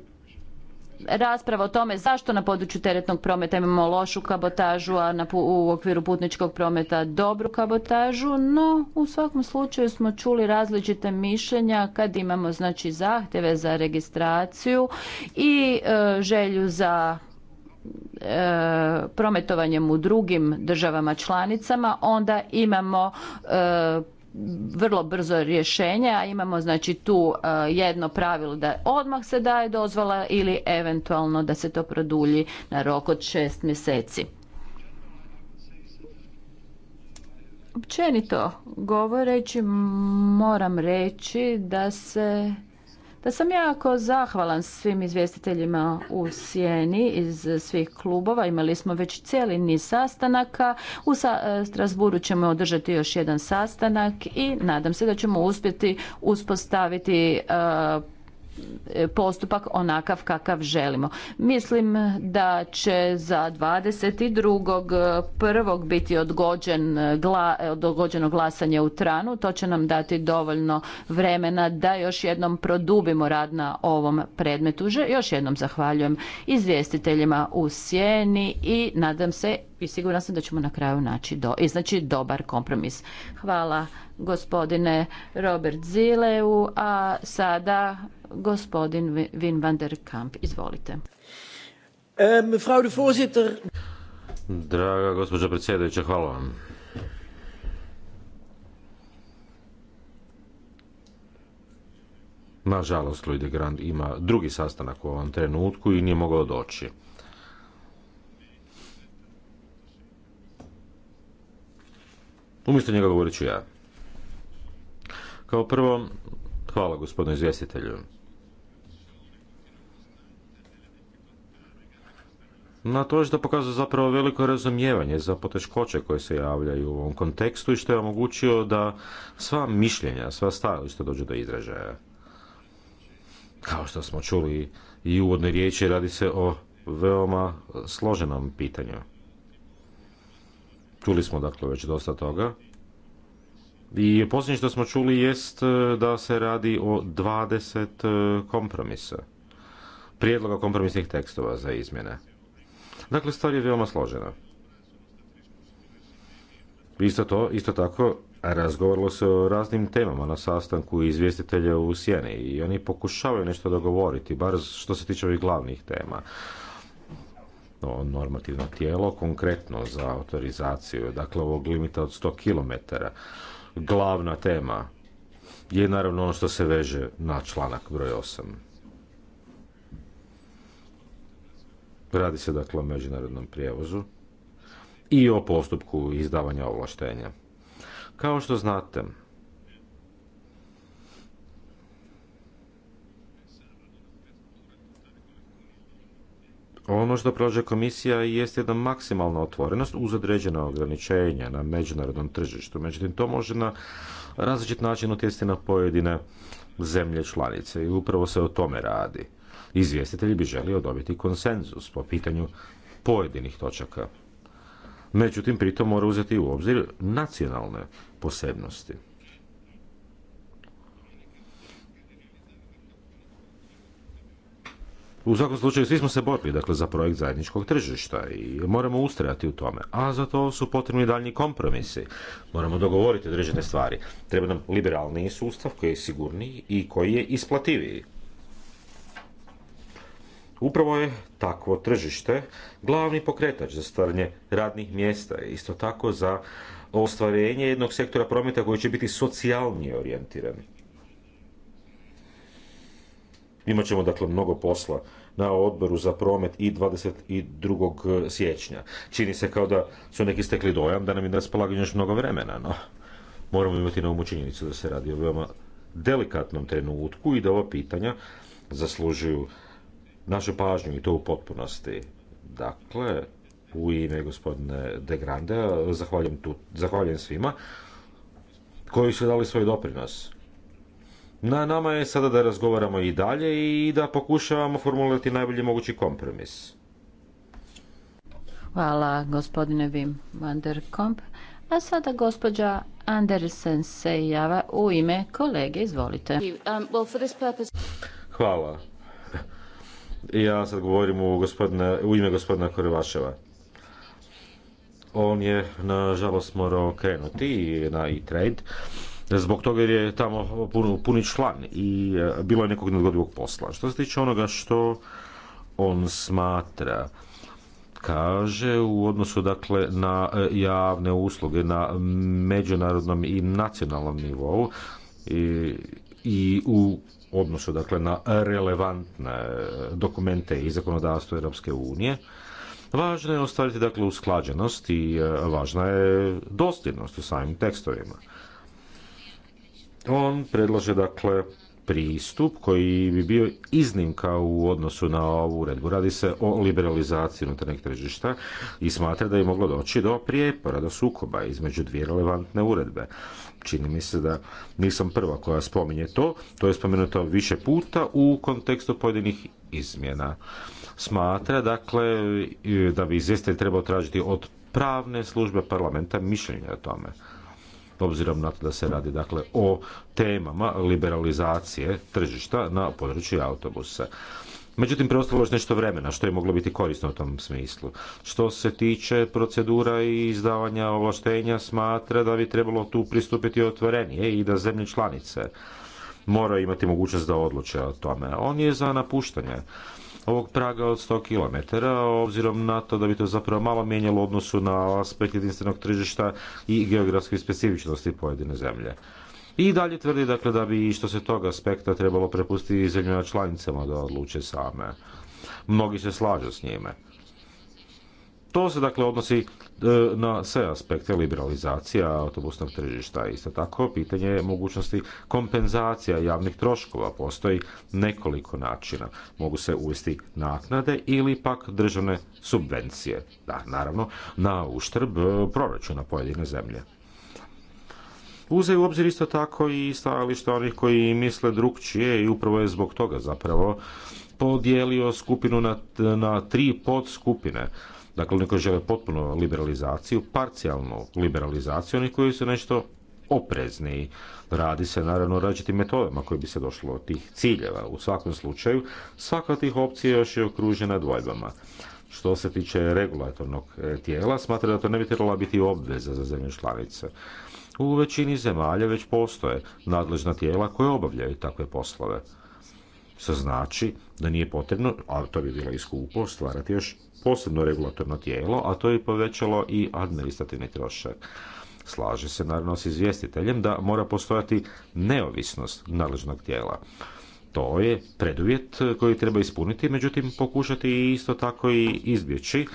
rasprava o tome zašto na području teretnog prometa imamo lošu kabotažu, a u okviru putničkog prometa dobru kabotažu, no u svakom slučaju smo čuli različite mišljenja kad imamo znači zahtjeve za registraciju i e, želju za E, prometovanjem u drugim državama članicama, onda imamo e, vrlo brzo rješenje, a imamo znači tu e, jedno pravilo da odmah se daje dozvola ili eventualno da se to produlji na rok od šest mjeseci. Općenito govoreći moram reći da se da sam jako zahvalan svim izvjestiteljima u sjeni iz svih klubova. Imali smo već cijeli niz sastanaka. U e, Strasburu ćemo održati još jedan sastanak i nadam se da ćemo uspjeti uspostaviti e, E, postupak onakav kakav želimo. Mislim da će za 22.1. biti odgođen, e, e, odgođeno glasanje u Tranu. To će nam dati dovoljno vremena da još jednom produbimo rad na ovom predmetu. Još jednom zahvaljujem izvjestiteljima u Sjeni i nadam se i sigurna sam da ćemo na kraju naći do, znači dobar kompromis. Hvala gospodine Robert Zileu, a sada gospodin Wim van der Kamp. Izvolite. E, mevrouw de voorzitter. Draga gospođa predsjedajuća, hvala vam. Nažalost, Louis Grand ima drugi sastanak u ovom trenutku i nije mogao doći. Umjesto njega govorit ću ja. Kao prvo, hvala gospodinu izvjestitelju. Na to je što pokazuje zapravo veliko razumijevanje za poteškoće koje se javljaju u ovom kontekstu i što je omogućio da sva mišljenja, sva stajališta dođu do izražaja. Kao što smo čuli i uvodne riječi, radi se o veoma složenom pitanju. Čuli smo dakle već dosta toga. I posljednje što smo čuli jest e, da se radi o 20 e, kompromisa. Prijedloga kompromisnih tekstova za izmjene. Dakle, stvar je veoma složena. Isto to, isto tako, razgovaralo se o raznim temama na sastanku izvjestitelja u Sjeni i oni pokušavaju nešto dogovoriti, bar što se tiče ovih glavnih tema normativno tijelo, konkretno za autorizaciju, dakle ovog limita od 100 km. Glavna tema je naravno ono što se veže na članak broj 8. Radi se dakle o međunarodnom prijevozu i o postupku izdavanja ovlaštenja. Kao što znate, Ono što prođe komisija jest jedna maksimalna otvorenost uz određena ograničenja na međunarodnom tržištu. Međutim, to može na različit način utjecati na pojedine zemlje članice i upravo se o tome radi. Izvjestitelji bi želio dobiti konsenzus po pitanju pojedinih točaka. Međutim, pritom mora uzeti u obzir nacionalne posebnosti. u svakom slučaju svi smo se borili dakle, za projekt zajedničkog tržišta i moramo ustrajati u tome. A za to su potrebni daljnji kompromisi. Moramo dogovoriti određene stvari. Treba nam liberalniji sustav koji je sigurniji i koji je isplativiji. Upravo je takvo tržište glavni pokretač za stvaranje radnih mjesta, isto tako za ostvarenje jednog sektora prometa koji će biti socijalnije orijentirani. Imat ćemo dakle mnogo posla na odboru za promet i 22. siječnja. Čini se kao da su neki stekli dojam da nam je na raspolaganju još mnogo vremena, no moramo imati na umu činjenicu da se radi o veoma delikatnom trenutku i da ova pitanja zaslužuju našu pažnju i to u potpunosti. Dakle, u ime gospodine De Grande, zahvaljujem, zahvaljujem svima koji su dali svoj doprinos. Na nama je sada da razgovaramo i dalje i da pokušavamo formulirati najbolji mogući kompromis. Hvala gospodine Wim van der A sada gospođa Andersen se java u ime kolege. Izvolite. Um, Hvala. Ja sad govorim u, ime gospodina Korevaševa. On je, nažalost, morao krenuti na e-trade zbog toga jer je tamo puni član i e, bilo je nekog nadgodivog posla. Što se tiče onoga što on smatra, kaže u odnosu dakle na e, javne usluge na međunarodnom i nacionalnom nivou i, i u odnosu dakle na relevantne dokumente i zakonodavstvo Europske unije. Važno je ostvariti dakle usklađenost i e, važna je dosljednost u samim tekstovima on predlaže dakle pristup koji bi bio iznimka u odnosu na ovu uredbu. Radi se o liberalizaciji unutarnjeg tržišta i smatra da je moglo doći do prijepora, do sukoba između dvije relevantne uredbe. Čini mi se da nisam prva koja spominje to, to je spomenuto više puta u kontekstu pojedinih izmjena. Smatra dakle da bi izvjestitelj trebao tražiti od pravne službe parlamenta mišljenje o tome obzirom na to da se radi dakle o temama liberalizacije tržišta na području autobusa. Međutim, preostalo je nešto vremena što je moglo biti korisno u tom smislu. Što se tiče procedura i izdavanja ovlaštenja, smatra da bi trebalo tu pristupiti otvorenije i da zemlje članice moraju imati mogućnost da odluče o tome. On je za napuštanje ovog praga od 100 km, obzirom na to da bi to zapravo malo mijenjalo odnosu na aspekt jedinstvenog tržišta i geografske specifičnosti pojedine zemlje. I dalje tvrdi dakle da bi što se toga aspekta trebalo prepustiti zemljama članicama da odluče same. Mnogi se slažu s njime. To se dakle odnosi e, na sve aspekte liberalizacija autobusnog tržišta. Isto tako, pitanje je mogućnosti kompenzacija javnih troškova. Postoji nekoliko načina. Mogu se uvesti naknade ili pak državne subvencije. Da, naravno, na uštrb e, proračuna pojedine zemlje. Uzaj u obzir isto tako i stajališta onih koji misle drugčije i upravo je zbog toga zapravo podijelio skupinu na, na tri podskupine Dakle, oni koji žele potpuno liberalizaciju, parcijalnu liberalizaciju, oni koji su nešto oprezniji. Radi se naravno o različitim metodama koje bi se došlo od tih ciljeva. U svakom slučaju, svaka od tih opcija još je okružena dvojbama. Što se tiče regulatornog e, tijela, smatra da to ne bi trebala biti obveza za zemlje članice. U većini zemalja već postoje nadležna tijela koje obavljaju takve poslove. Što znači da nije potrebno, ali to bi bilo i skupo, stvarati još posebno regulatorno tijelo, a to je povećalo i administrativni trošak. Slaže se naravno s izvjestiteljem da mora postojati neovisnost nadležnog tijela. To je preduvjet koji treba ispuniti, međutim pokušati isto tako i izbjeći e,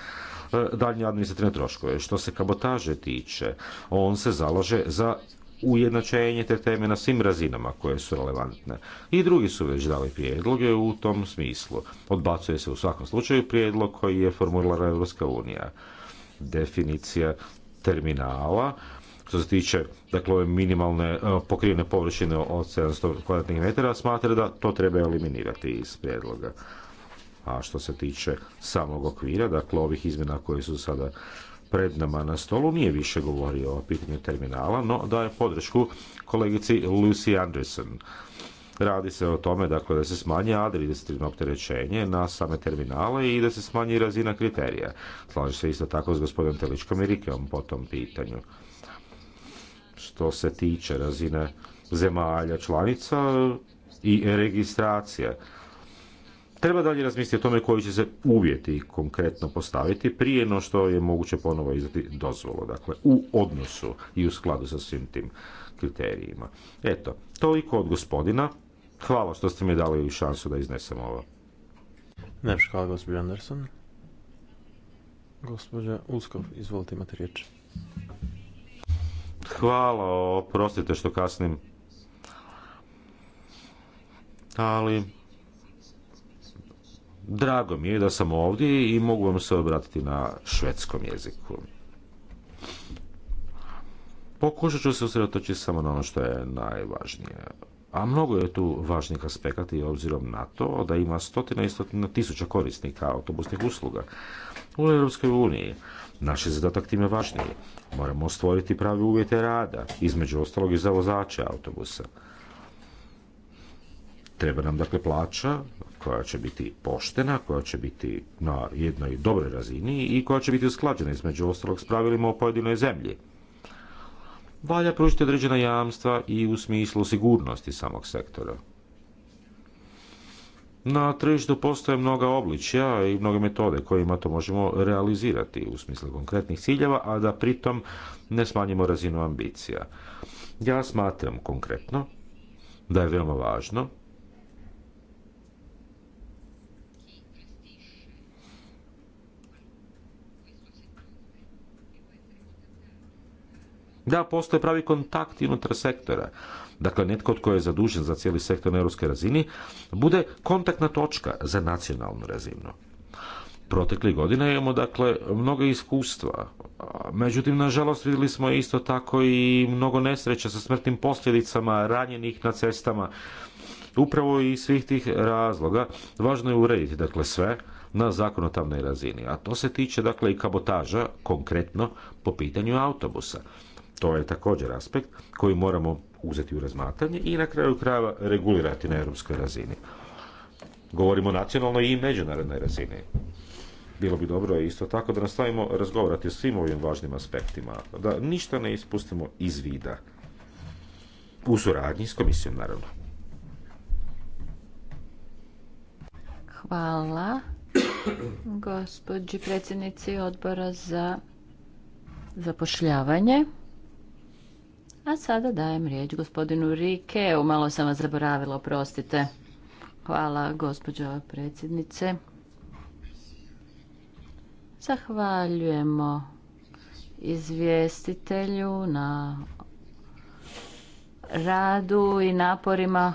daljnje administrativne troškove. Što se kabotaže tiče, on se zalaže za ujednačenje te teme na svim razinama koje su relevantne. I drugi su već dali prijedloge u tom smislu. Odbacuje se u svakom slučaju prijedlog koji je formulirala Europska unija. Definicija terminala što se tiče dakle ove minimalne e, pokrivene površine od 700 kvadratnih metara smatra da to treba eliminirati iz prijedloga. A što se tiče samog okvira, dakle ovih izmjena koje su sada pred nama na stolu nije više govorio o pitanju terminala, no daje podršku kolegici Lucy Anderson. Radi se o tome dakle, da se smanji administrativno opterećenje na same terminale i da se smanji razina kriterija. Slažem se isto tako s gospodinom Teličkom i Rikeom po tom pitanju. Što se tiče razine zemalja članica i registracija. Treba dalje razmisliti o tome koji će se uvjeti konkretno postaviti prije no što je moguće ponovo izdati dozvolu, dakle u odnosu i u skladu sa svim tim kriterijima. Eto, toliko od gospodina. Hvala što ste mi dali šansu da iznesem ovo. hvala gospođa Anderson. Gospođa Uskov, izvolite imate riječ. Hvala, oprostite što kasnim. Ali Drago mi je da sam ovdje i mogu vam se obratiti na švedskom jeziku. Pokušat ću se usredotočiti samo na ono što je najvažnije. A mnogo je tu važnijih aspekata i obzirom na to da ima stotina i stotina tisuća korisnika autobusnih usluga u Europskoj uniji. Naš je zadatak time važniji. Moramo stvoriti pravi uvjete rada, između ostalog i za vozače autobusa. Treba nam dakle plaća koja će biti poštena, koja će biti na jednoj dobroj razini i koja će biti usklađena između ostalog s pravilima o pojedinoj zemlji. Valja pružiti određena jamstva i u smislu sigurnosti samog sektora. Na tržištu postoje mnoga obličja i mnoge metode kojima to možemo realizirati u smislu konkretnih ciljeva, a da pritom ne smanjimo razinu ambicija. Ja smatram konkretno da je veoma važno Da, postoje pravi kontakt unutar sektora. Dakle, netko tko je zadužen za cijeli sektor na europskoj razini bude kontaktna točka za nacionalnu razinu. Proteklih godine imamo dakle mnoga iskustva. Međutim, nažalost, vidjeli smo isto tako i mnogo nesreća sa smrtnim posljedicama ranjenih na cestama. Upravo iz svih tih razloga važno je urediti dakle sve na zakonodavnoj razini, a to se tiče dakle i kabotaža konkretno po pitanju autobusa. To je također aspekt koji moramo uzeti u razmatranje i na kraju krajeva regulirati na europskoj razini. Govorimo nacionalno i međunarodnoj razini. Bilo bi dobro isto tako da nastavimo razgovarati o svim ovim važnim aspektima, da ništa ne ispustimo iz vida. U suradnji s komisijom, naravno. Hvala gospođi predsjednici odbora za zapošljavanje. A sada dajem riječ gospodinu Rikeu. Malo sam vas zaboravila, oprostite. Hvala, gospođo predsjednice. Zahvaljujemo izvjestitelju na radu i naporima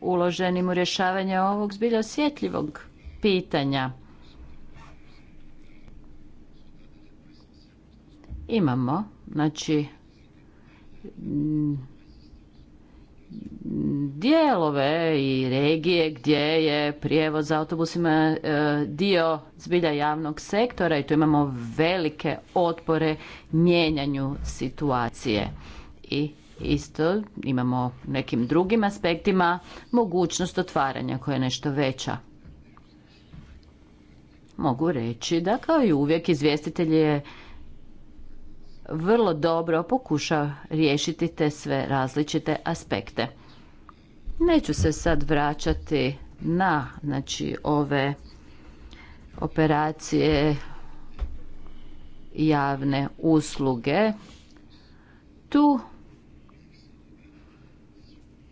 uloženim u rješavanje ovog zbilja osjetljivog pitanja. Imamo, znači, dijelove i regije gdje je prijevoz autobusima e, dio zbilja javnog sektora i tu imamo velike otpore mijenjanju situacije. I isto imamo nekim drugim aspektima mogućnost otvaranja koja je nešto veća. Mogu reći da kao i uvijek izvjestitelj je vrlo dobro pokuša riješiti te sve različite aspekte. Neću se sad vraćati na znači, ove operacije javne usluge. Tu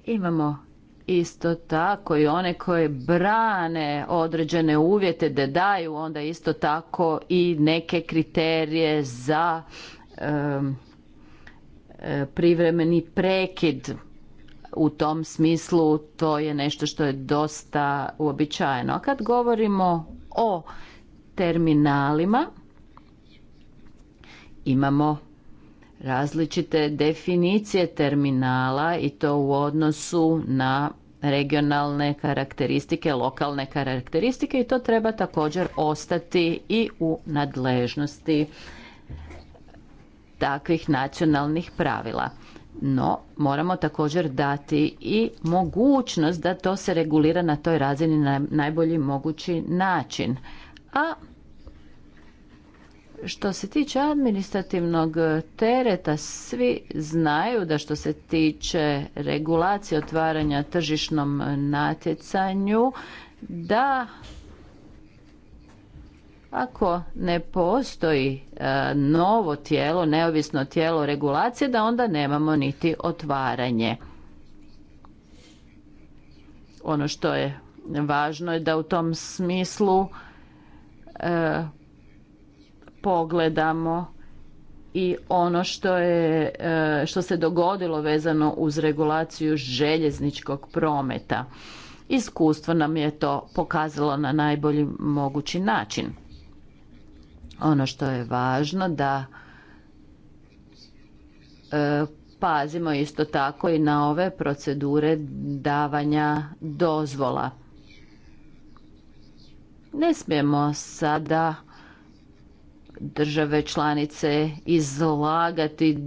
imamo isto tako i one koje brane određene uvjete da daju onda isto tako i neke kriterije za Eh, privremeni prekid u tom smislu to je nešto što je dosta uobičajeno. A kad govorimo o terminalima imamo različite definicije terminala i to u odnosu na regionalne karakteristike, lokalne karakteristike i to treba također ostati i u nadležnosti takvih nacionalnih pravila. No, moramo također dati i mogućnost da to se regulira na toj razini na najbolji mogući način. A što se tiče administrativnog tereta, svi znaju da što se tiče regulacije otvaranja tržišnom natjecanju, da ako ne postoji e, novo tijelo, neovisno tijelo regulacije, da onda nemamo niti otvaranje. Ono što je važno je da u tom smislu e, pogledamo i ono što je e, što se dogodilo vezano uz regulaciju željezničkog prometa. Iskustvo nam je to pokazalo na najbolji mogući način. Ono što je važno da e, pazimo isto tako i na ove procedure davanja dozvola. Ne smijemo sada države članice izlagati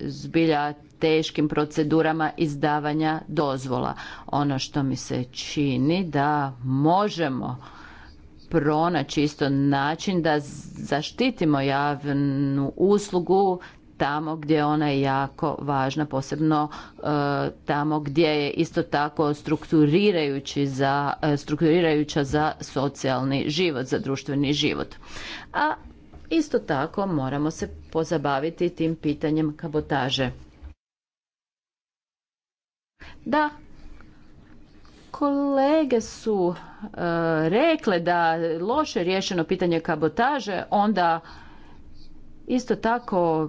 zbilja teškim procedurama izdavanja dozvola. Ono što mi se čini da možemo pronaći isto način da zaštitimo javnu uslugu tamo gdje ona je jako važna, posebno e, tamo gdje je isto tako strukturirajući za, e, strukturirajuća za socijalni život, za društveni život. A isto tako moramo se pozabaviti tim pitanjem kabotaže. Da, kolege su e, rekle da loše riješeno pitanje kabotaže onda isto tako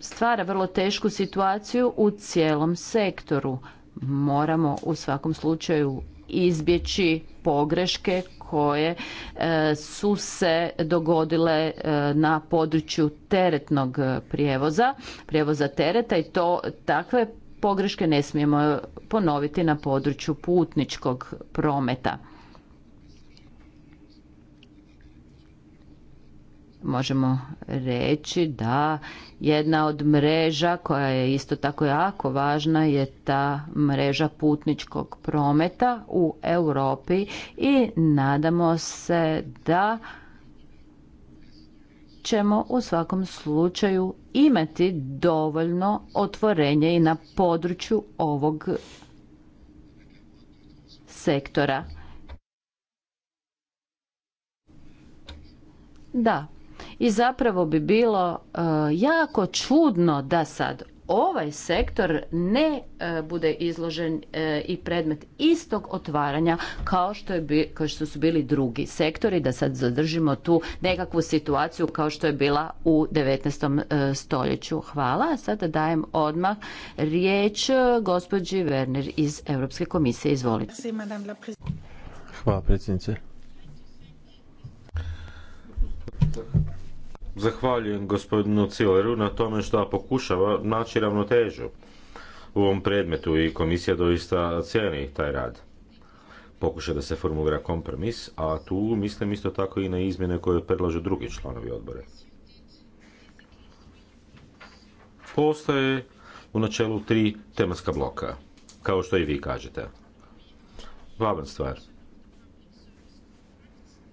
stvara vrlo tešku situaciju u cijelom sektoru. Moramo u svakom slučaju izbjeći pogreške koje e, su se dogodile e, na području teretnog prijevoza, prijevoza tereta i to takve pogreške ne smijemo ponoviti na području putničkog prometa. možemo reći da jedna od mreža koja je isto tako jako važna je ta mreža putničkog prometa u Europi i nadamo se da ćemo u svakom slučaju imati dovoljno otvorenje i na području ovog sektora. Da, i zapravo bi bilo e, jako čudno da sad ovaj sektor ne e, bude izložen e, i predmet istog otvaranja kao što, je, kao što su bili drugi sektori, da sad zadržimo tu nekakvu situaciju kao što je bila u 19. E, stoljeću. Hvala. Sada dajem odmah riječ gospođi Werner iz Europske komisije. Izvolite. Hvala predsjednice. Zahvaljujem gospodinu Cileru na tome što pokušava naći ravnotežu u ovom predmetu i komisija doista cijeni taj rad. Pokuša da se formulira kompromis, a tu mislim isto tako i na izmjene koje predlažu drugi članovi odbora. Postoje u načelu tri tematska bloka, kao što i vi kažete. Glavna stvar.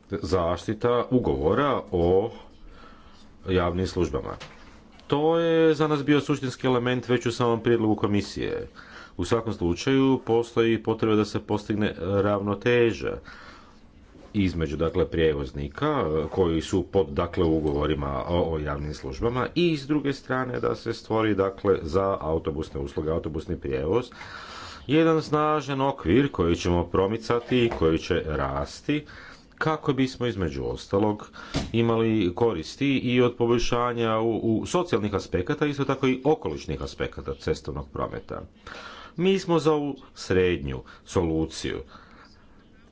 Zaštita ugovora o javnim službama. To je za nas bio suštinski element već u samom prijedlogu komisije. U svakom slučaju postoji potreba da se postigne ravnoteža između dakle prijevoznika koji su pod dakle ugovorima o, o javnim službama i s druge strane da se stvori dakle za autobusne usluge, autobusni prijevoz jedan snažan okvir koji ćemo promicati i koji će rasti kako bismo između ostalog imali koristi i od poboljšanja u, socijalnih aspekata, isto tako i okolišnih aspekata cestovnog prometa. Mi smo za ovu srednju soluciju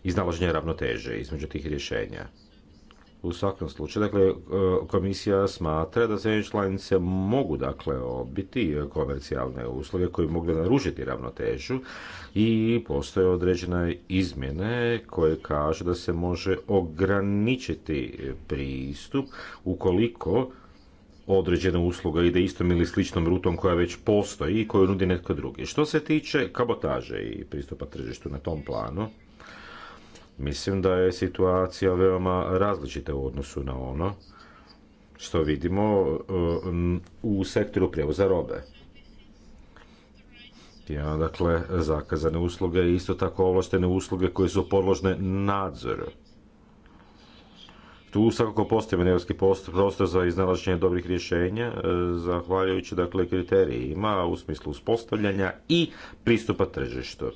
iznalaženje ravnoteže između tih rješenja. U svakom slučaju, dakle, e, komisija smatra da zemlje članice mogu, dakle, odbiti komercijalne usluge koje mogu naružiti ravnotežu i postoje određene izmjene koje kažu da se može ograničiti pristup ukoliko određena usluga ide istom ili sličnom rutom koja već postoji i koju nudi netko drugi. Što se tiče kabotaže i pristupa tržištu na tom planu, Mislim da je situacija veoma različita u odnosu na ono što vidimo e, u sektoru prijevoza robe. Ja, dakle, zakazane usluge i isto tako ovlaštene usluge koje su podložne nadzoru. Tu svakako postoji manevarski prostor za iznalaženje dobrih rješenja, e, zahvaljujući dakle kriterijima u smislu uspostavljanja i pristupa tržištu.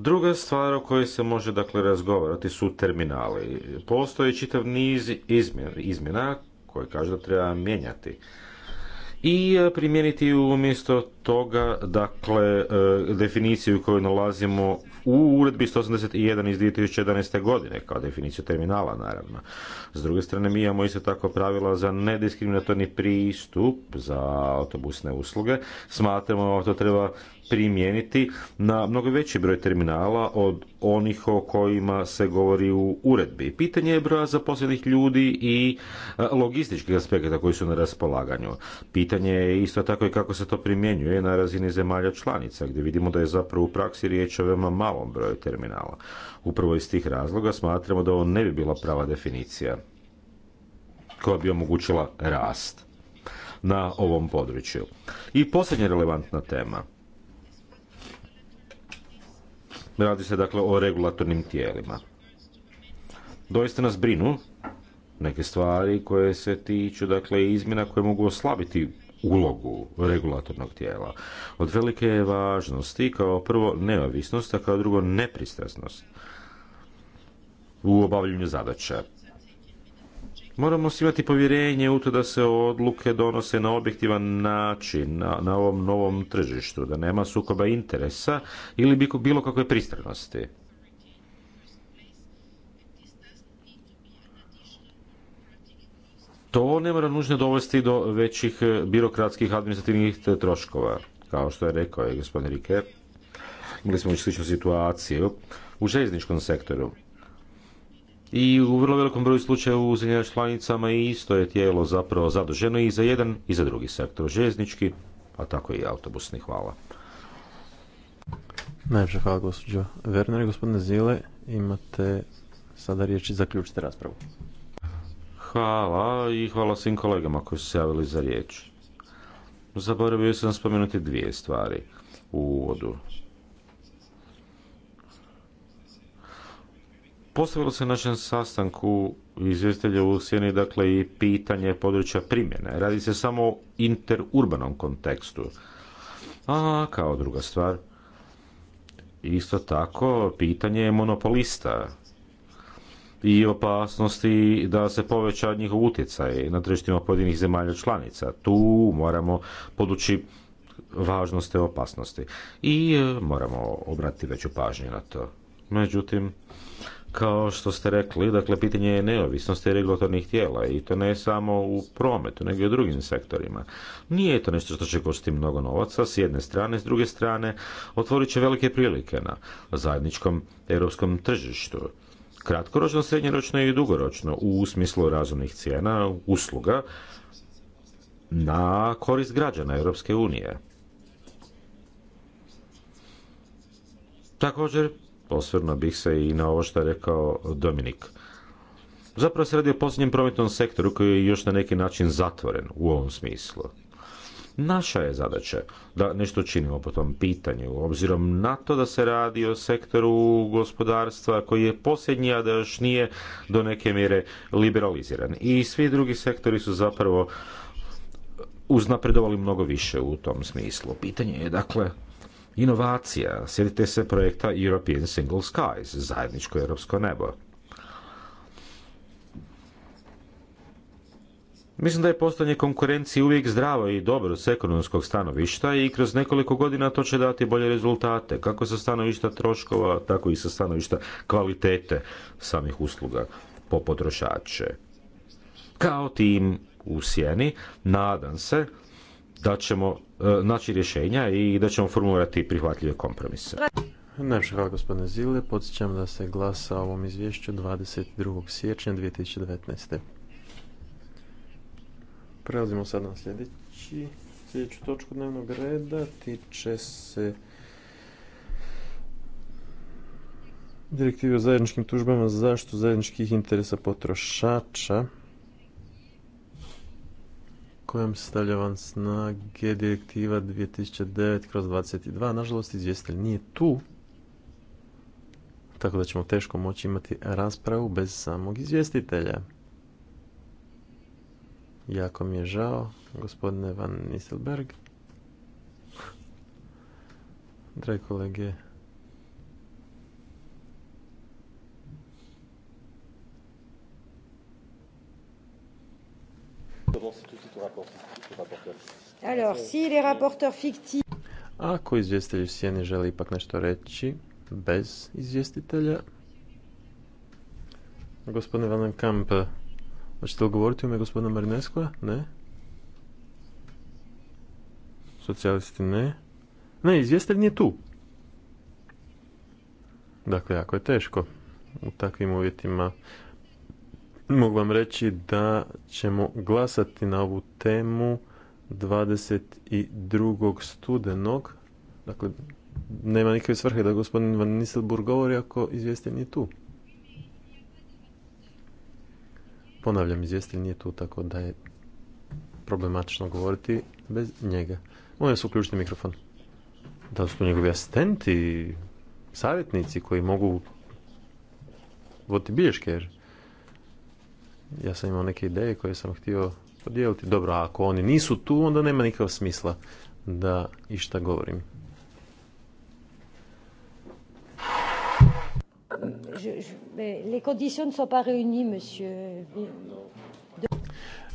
Druga stvar o kojoj se može dakle razgovarati su terminali. Postoji čitav niz izmjena, izmjena koje kaže da treba mijenjati i e, primijeniti umjesto toga dakle e, definiciju koju nalazimo u uredbi 181 iz 2011. godine kao definiciju terminala naravno. S druge strane mi imamo isto tako pravila za nediskriminatorni pristup za autobusne usluge. Smatramo da to treba primijeniti na mnogo veći broj terminala od onih o kojima se govori u uredbi. Pitanje je broja zaposlenih ljudi i e, logističkih aspekata koji su na raspolaganju. Pitanje je isto tako i kako se to primjenjuje na razini zemalja članica, gdje vidimo da je zapravo u praksi riječ o veoma malom broju terminala. Upravo iz tih razloga smatramo da ovo ne bi bila prava definicija koja bi omogućila rast na ovom području. I posljednja relevantna tema – Radi se dakle o regulatornim tijelima. Doista nas brinu neke stvari koje se tiču dakle izmjena koje mogu oslabiti ulogu regulatornog tijela. Od velike je važnosti kao prvo neovisnost, a kao drugo nepristrasnost u obavljanju zadaća. Moramo imati povjerenje u to da se odluke donose na objektivan način na, na ovom novom tržištu, da nema sukoba interesa ili bilo kakve pristranosti. To ne mora nužno dovesti do većih birokratskih administrativnih troškova, kao što je rekao je gospodin Rike. Imali smo u sličnu situaciju u željezničkom sektoru i u vrlo velikom broju slučajeva u zemljama članicama i isto je tijelo zapravo zaduženo i za jedan i za drugi sektor, željeznički, a tako i autobusni. Hvala. Najljepša hvala gospođo Werner. Gospodine Zile, imate sada riječ i zaključite raspravu. Hvala i hvala svim kolegama koji su se javili za riječ. Zaboravio sam spomenuti dvije stvari u uvodu. Postavilo se našem sastanku izvjestelja u Sjeni, dakle i pitanje područja primjene. Radi se samo o interurbanom kontekstu. A kao druga stvar, isto tako pitanje je monopolista i opasnosti da se poveća njihov utjecaj na tržištima pojedinih zemalja članica. Tu moramo podući važnost te opasnosti i e, moramo obratiti veću pažnju na to. Međutim, kao što ste rekli, dakle, pitanje je neovisnosti regulatornih tijela i to ne samo u prometu, nego i u drugim sektorima. Nije to nešto što će koštiti mnogo novaca, s jedne strane, s druge strane, otvorit će velike prilike na zajedničkom europskom tržištu. Kratkoročno, srednjoročno i dugoročno, u smislu razumnih cijena, usluga, na korist građana Europske unije. Također, osvrnuo bih se i na ovo što je rekao Dominik. Zapravo se radi o posljednjem prometnom sektoru koji je još na neki način zatvoren u ovom smislu. Naša je zadaća da nešto činimo po tom pitanju, obzirom na to da se radi o sektoru gospodarstva koji je posljednji, a da još nije do neke mjere liberaliziran. I svi drugi sektori su zapravo uznapredovali mnogo više u tom smislu. Pitanje je dakle Inovacija, sjetite se projekta European Single Skies, zajedničko europsko nebo. Mislim da je postanje konkurencije uvijek zdravo i dobro s ekonomskog stanovišta i kroz nekoliko godina to će dati bolje rezultate, kako sa stanovišta troškova, tako i sa stanovišta kvalitete samih usluga po potrošače. Kao tim u sjeni, nadam se da ćemo e, naći rješenja i da ćemo formulirati prihvatljive kompromise. Najviše hvala gospodine Zile, podsjećam da se glasa o ovom izvješću 22. siječnja 2019. Prelazimo sad na sljedeći, sljedeću točku dnevnog reda, tiče se direktive o zajedničkim tužbama za zaštitu zajedničkih interesa potrošača kojom stavlja van snage direktiva 2009 kroz 22. Nažalost, izvjestitelj nije tu, tako da ćemo teško moći imati raspravu bez samog izvjestitelja. Jako mi je žao, gospodine Van Nisselberg. Dragi kolege, Alors, Ako izvjestitelj u sjeni želi ipak nešto reći, bez izvjestitelja, gospodine Van Kamp, hoćete li govoriti u ime gospodina Marineskova? Ne? Socijalisti ne. Ne, izvjestitelj nije tu. Dakle, jako je teško u takvim uvjetima Mogu vam reći da ćemo glasati na ovu temu 22. studenog. Dakle, nema nikakve svrhe da gospodin Van Nisselburg govori ako izvjestitelj nije tu. Ponavljam, izvjestitelj nije tu, tako da je problematično govoriti bez njega. moje su uključiti mikrofon. Da su tu njegovi asistenti, savjetnici koji mogu voditi bilješke, jer ja sam imao neke ideje koje sam htio podijeliti. Dobro, a ako oni nisu tu, onda nema nikakvog smisla da išta govorim.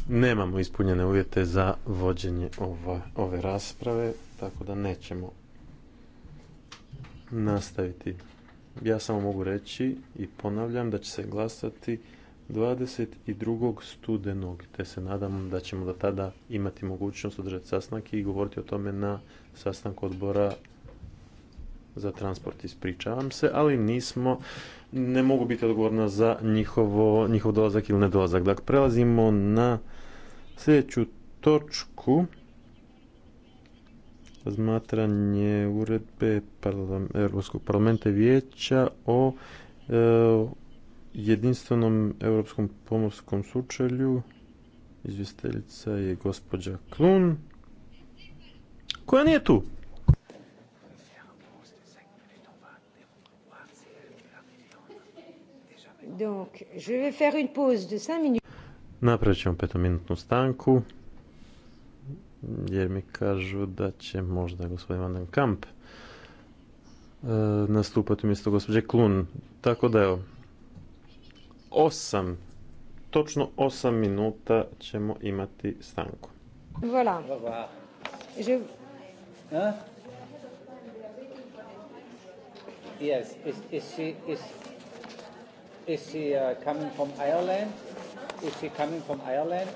Nemamo ispunjene uvjete za vođenje ove rasprave, tako da nećemo nastaviti. Ja samo mogu reći i ponavljam da će se glasati 22. studenog, te se nadam da ćemo do tada imati mogućnost održati sastanak i govoriti o tome na sastanku odbora za transport, ispričavam se, ali nismo, ne mogu biti odgovorna za njihovo, njihov dolazak ili nedolazak. Dakle, prelazimo na sljedeću točku razmatranje uredbe Europskog parlamenta i vijeća o e, jedinstvenom europskom pomorskom sučelju. Izvjestiteljica je gospođa Klun, koja nije tu. je Napravit ćemo petominutnu stanku, jer mi kažu da će možda gospodin Van den Kamp e, nastupati umjesto gospođe Klun. Tako da evo, Osam točno osam minuta ćemo imati stanku. Voilà. Je... Yes, is, is she, is, is she uh, coming from Ireland? Is she coming from Ireland?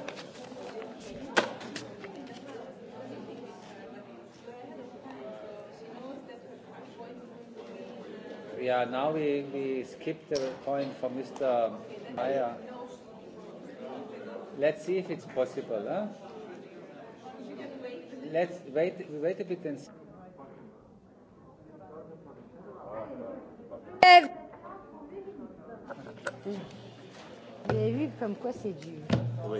Yeah, now we, we skip the point for Mr. Meyer. Let's see if it's possible. Huh? Let's wait, wait a bit and see. Vous avez vu comme quoi c'est Oui.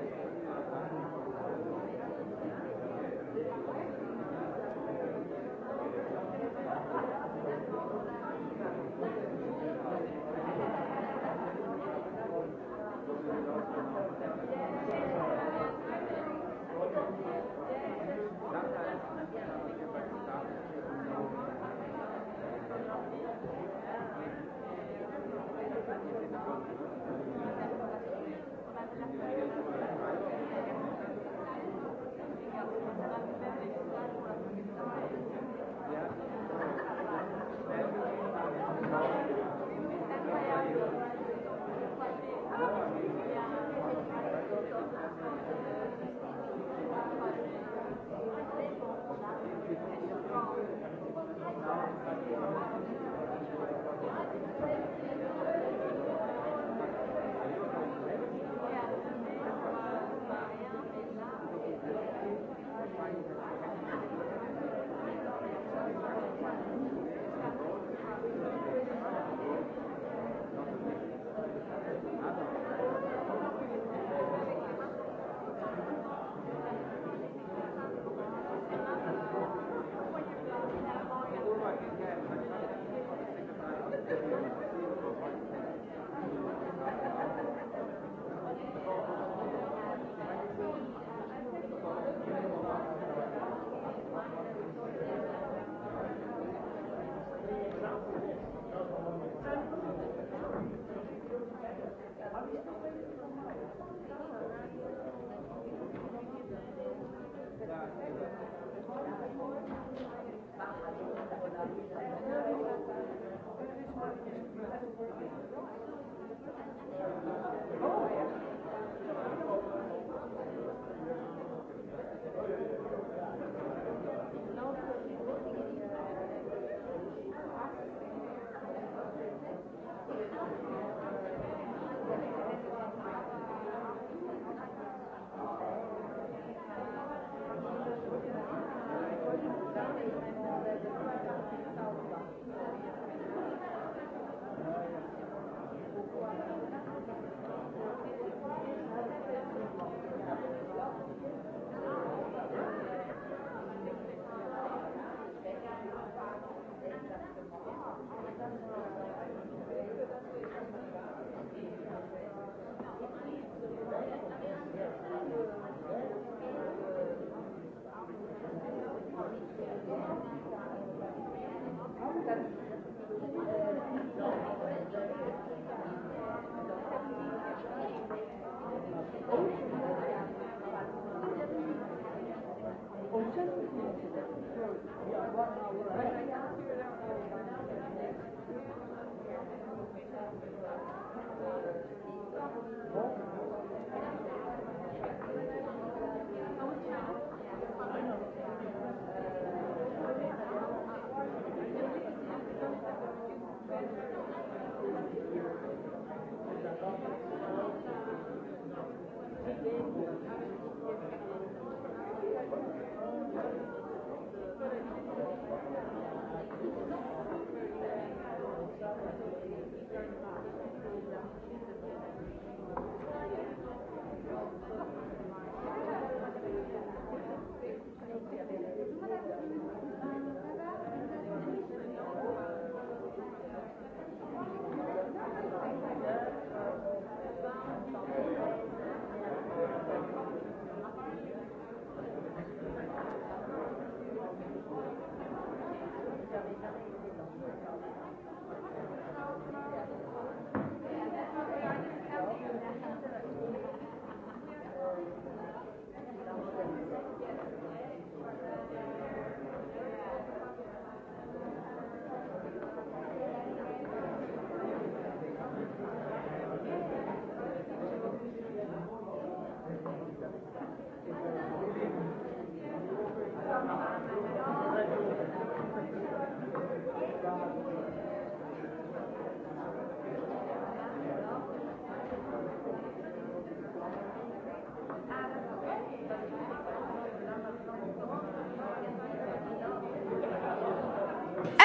Ja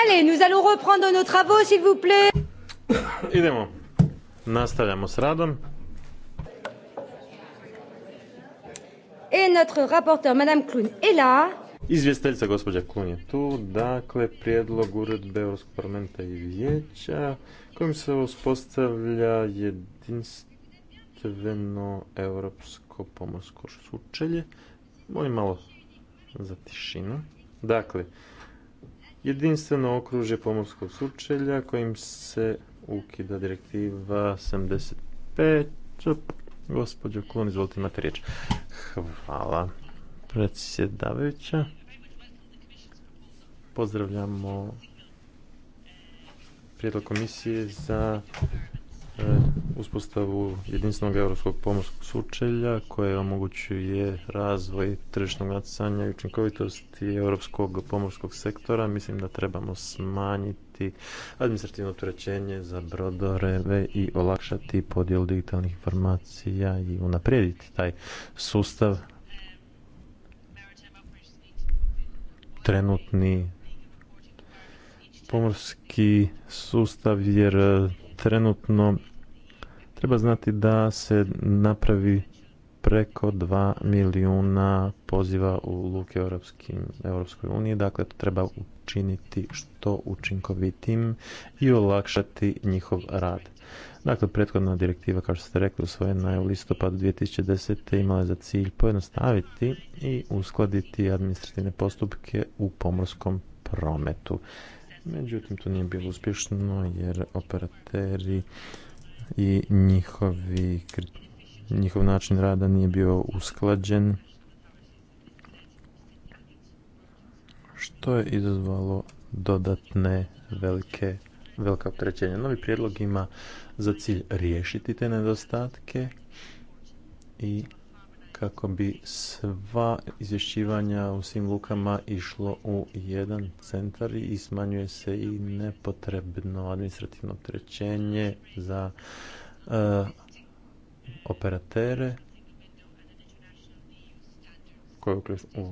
Allez, nous allons reprendre nos travaux, s'il vous plaît. Idemo. Nastavljamo s radom. Et notre rapporteur, Madame Kloun, est là. Izvjestiteljica gospođa Klun je tu, dakle prijedlog uredbe Europskog parlamenta i vijeća kojim se uspostavlja jedinstveno europsko pomorsko sučelje. Molim malo za tišinu. Dakle, jedinstveno okružje pomorskog sučelja kojim se ukida direktiva 75. Gospođo Kulon, izvolite imate riječ. Hvala predsjedavajuća. Pozdravljamo prijedlog komisije za E, uspostavu jedinstvenog europskog pomorskog sučelja koje omogućuje razvoj tržišnog natjecanja i učinkovitosti europskog pomorskog sektora. Mislim da trebamo smanjiti administrativno opterećenje za brodoreve i olakšati podjelu digitalnih informacija i unaprijediti taj sustav trenutni pomorski sustav jer trenutno treba znati da se napravi preko 2 milijuna poziva u luke Europskim, Europskoj uniji, dakle to treba učiniti što učinkovitim i olakšati njihov rad. Dakle, prethodna direktiva, kao što ste rekli, usvojena je u listopadu 2010. imala je za cilj pojednostaviti i uskladiti administrativne postupke u pomorskom prometu. Međutim, to nije bilo uspješno jer operateri i njihov način rada nije bio usklađen, što je izazvalo dodatne velike velika opterećenja. Novi prijedlog ima za cilj riješiti te nedostatke i kako bi sva izvješćivanja u svim lukama išlo u jedan centar i smanjuje se i nepotrebno administrativno trećenje za eh, operatere hm,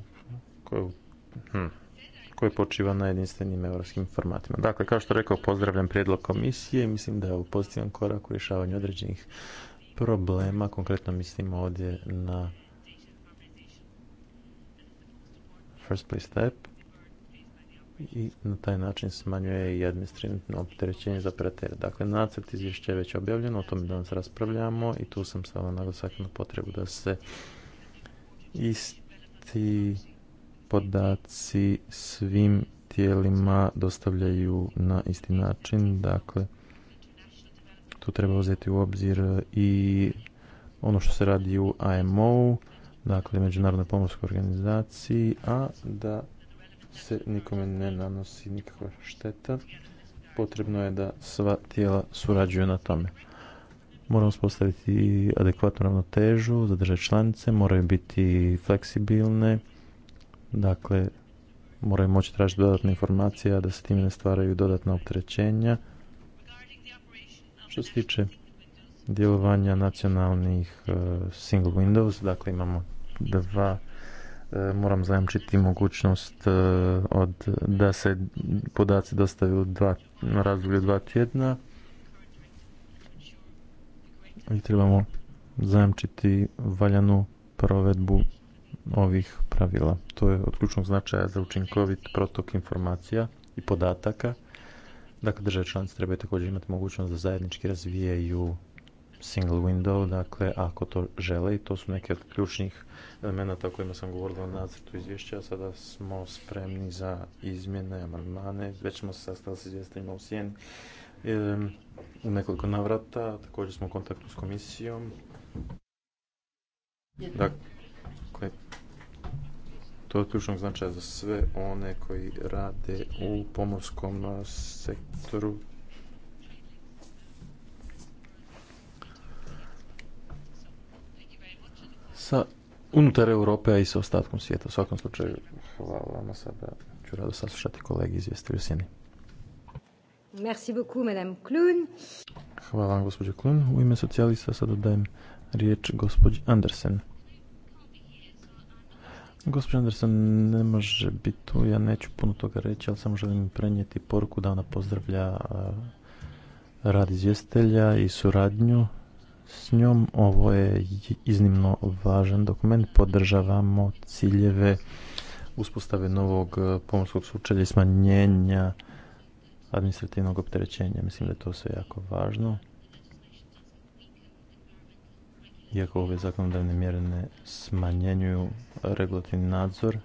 koje, počiva na jedinstvenim europskim formatima. Dakle, kao što rekao, pozdravljam prijedlog komisije. Mislim da je ovo pozitivan korak u rješavanju određenih problema, konkretno mislim ovdje na first place step i na taj način smanjuje i administrativno opterećenje za operatere. Dakle, nacrt izvješća je već objavljeno, o tome danas raspravljamo i tu sam samo naglasak na potrebu da se isti podaci svim tijelima dostavljaju na isti način, dakle tu treba uzeti u obzir i ono što se radi u IMO, dakle Međunarodnoj pomorskoj organizaciji, a da se nikome ne nanosi nikakva šteta. Potrebno je da sva tijela surađuju na tome. Moramo spostaviti adekvatnu ravnotežu za države članice, moraju biti fleksibilne, dakle moraju moći tražiti dodatne informacije, a da se time ne stvaraju dodatna opterećenja. Što se tiče djelovanja nacionalnih e, single windows, dakle imamo dva e, moram zajamčiti mogućnost e, od, da se podaci dostaju u dva, na razdoblju dva tjedna i trebamo zajamčiti valjanu provedbu ovih pravila. To je od ključnog značaja za učinkovit protok informacija i podataka Dakle, države članice trebaju također imati mogućnost da zajednički razvijaju single window, dakle, ako to žele i to su neke od ključnih elemenata o kojima sam govorio na nacrtu izvješća. Sada smo spremni za izmjene, amandmane, već smo se sastali s izvjestima u Sijeni u nekoliko navrata, također smo u kontaktu s komisijom. Dakle, to ključnog značaja za sve one koji rade u pomorskom sektoru. Sa unutar Europe, i sa ostatkom svijeta. U svakom slučaju, hvala vama sada ću rado saslušati kolegi Sjeni. Merci beaucoup, madame Klun. Hvala vam, gospođo Klun. U ime socijalista sada dajem riječ gospođi Andersen. Gospodin Anderson ne može biti tu, ja neću puno toga reći, ali samo želim prenijeti poruku da ona pozdravlja rad izvjestelja i suradnju s njom. Ovo je iznimno važan dokument, podržavamo ciljeve uspostave novog pomorskog slučaja i smanjenja administrativnog opterećenja. Mislim da je to sve jako važno iako ove zakonodavne mjere ne smanjenjuju regulativni nadzor,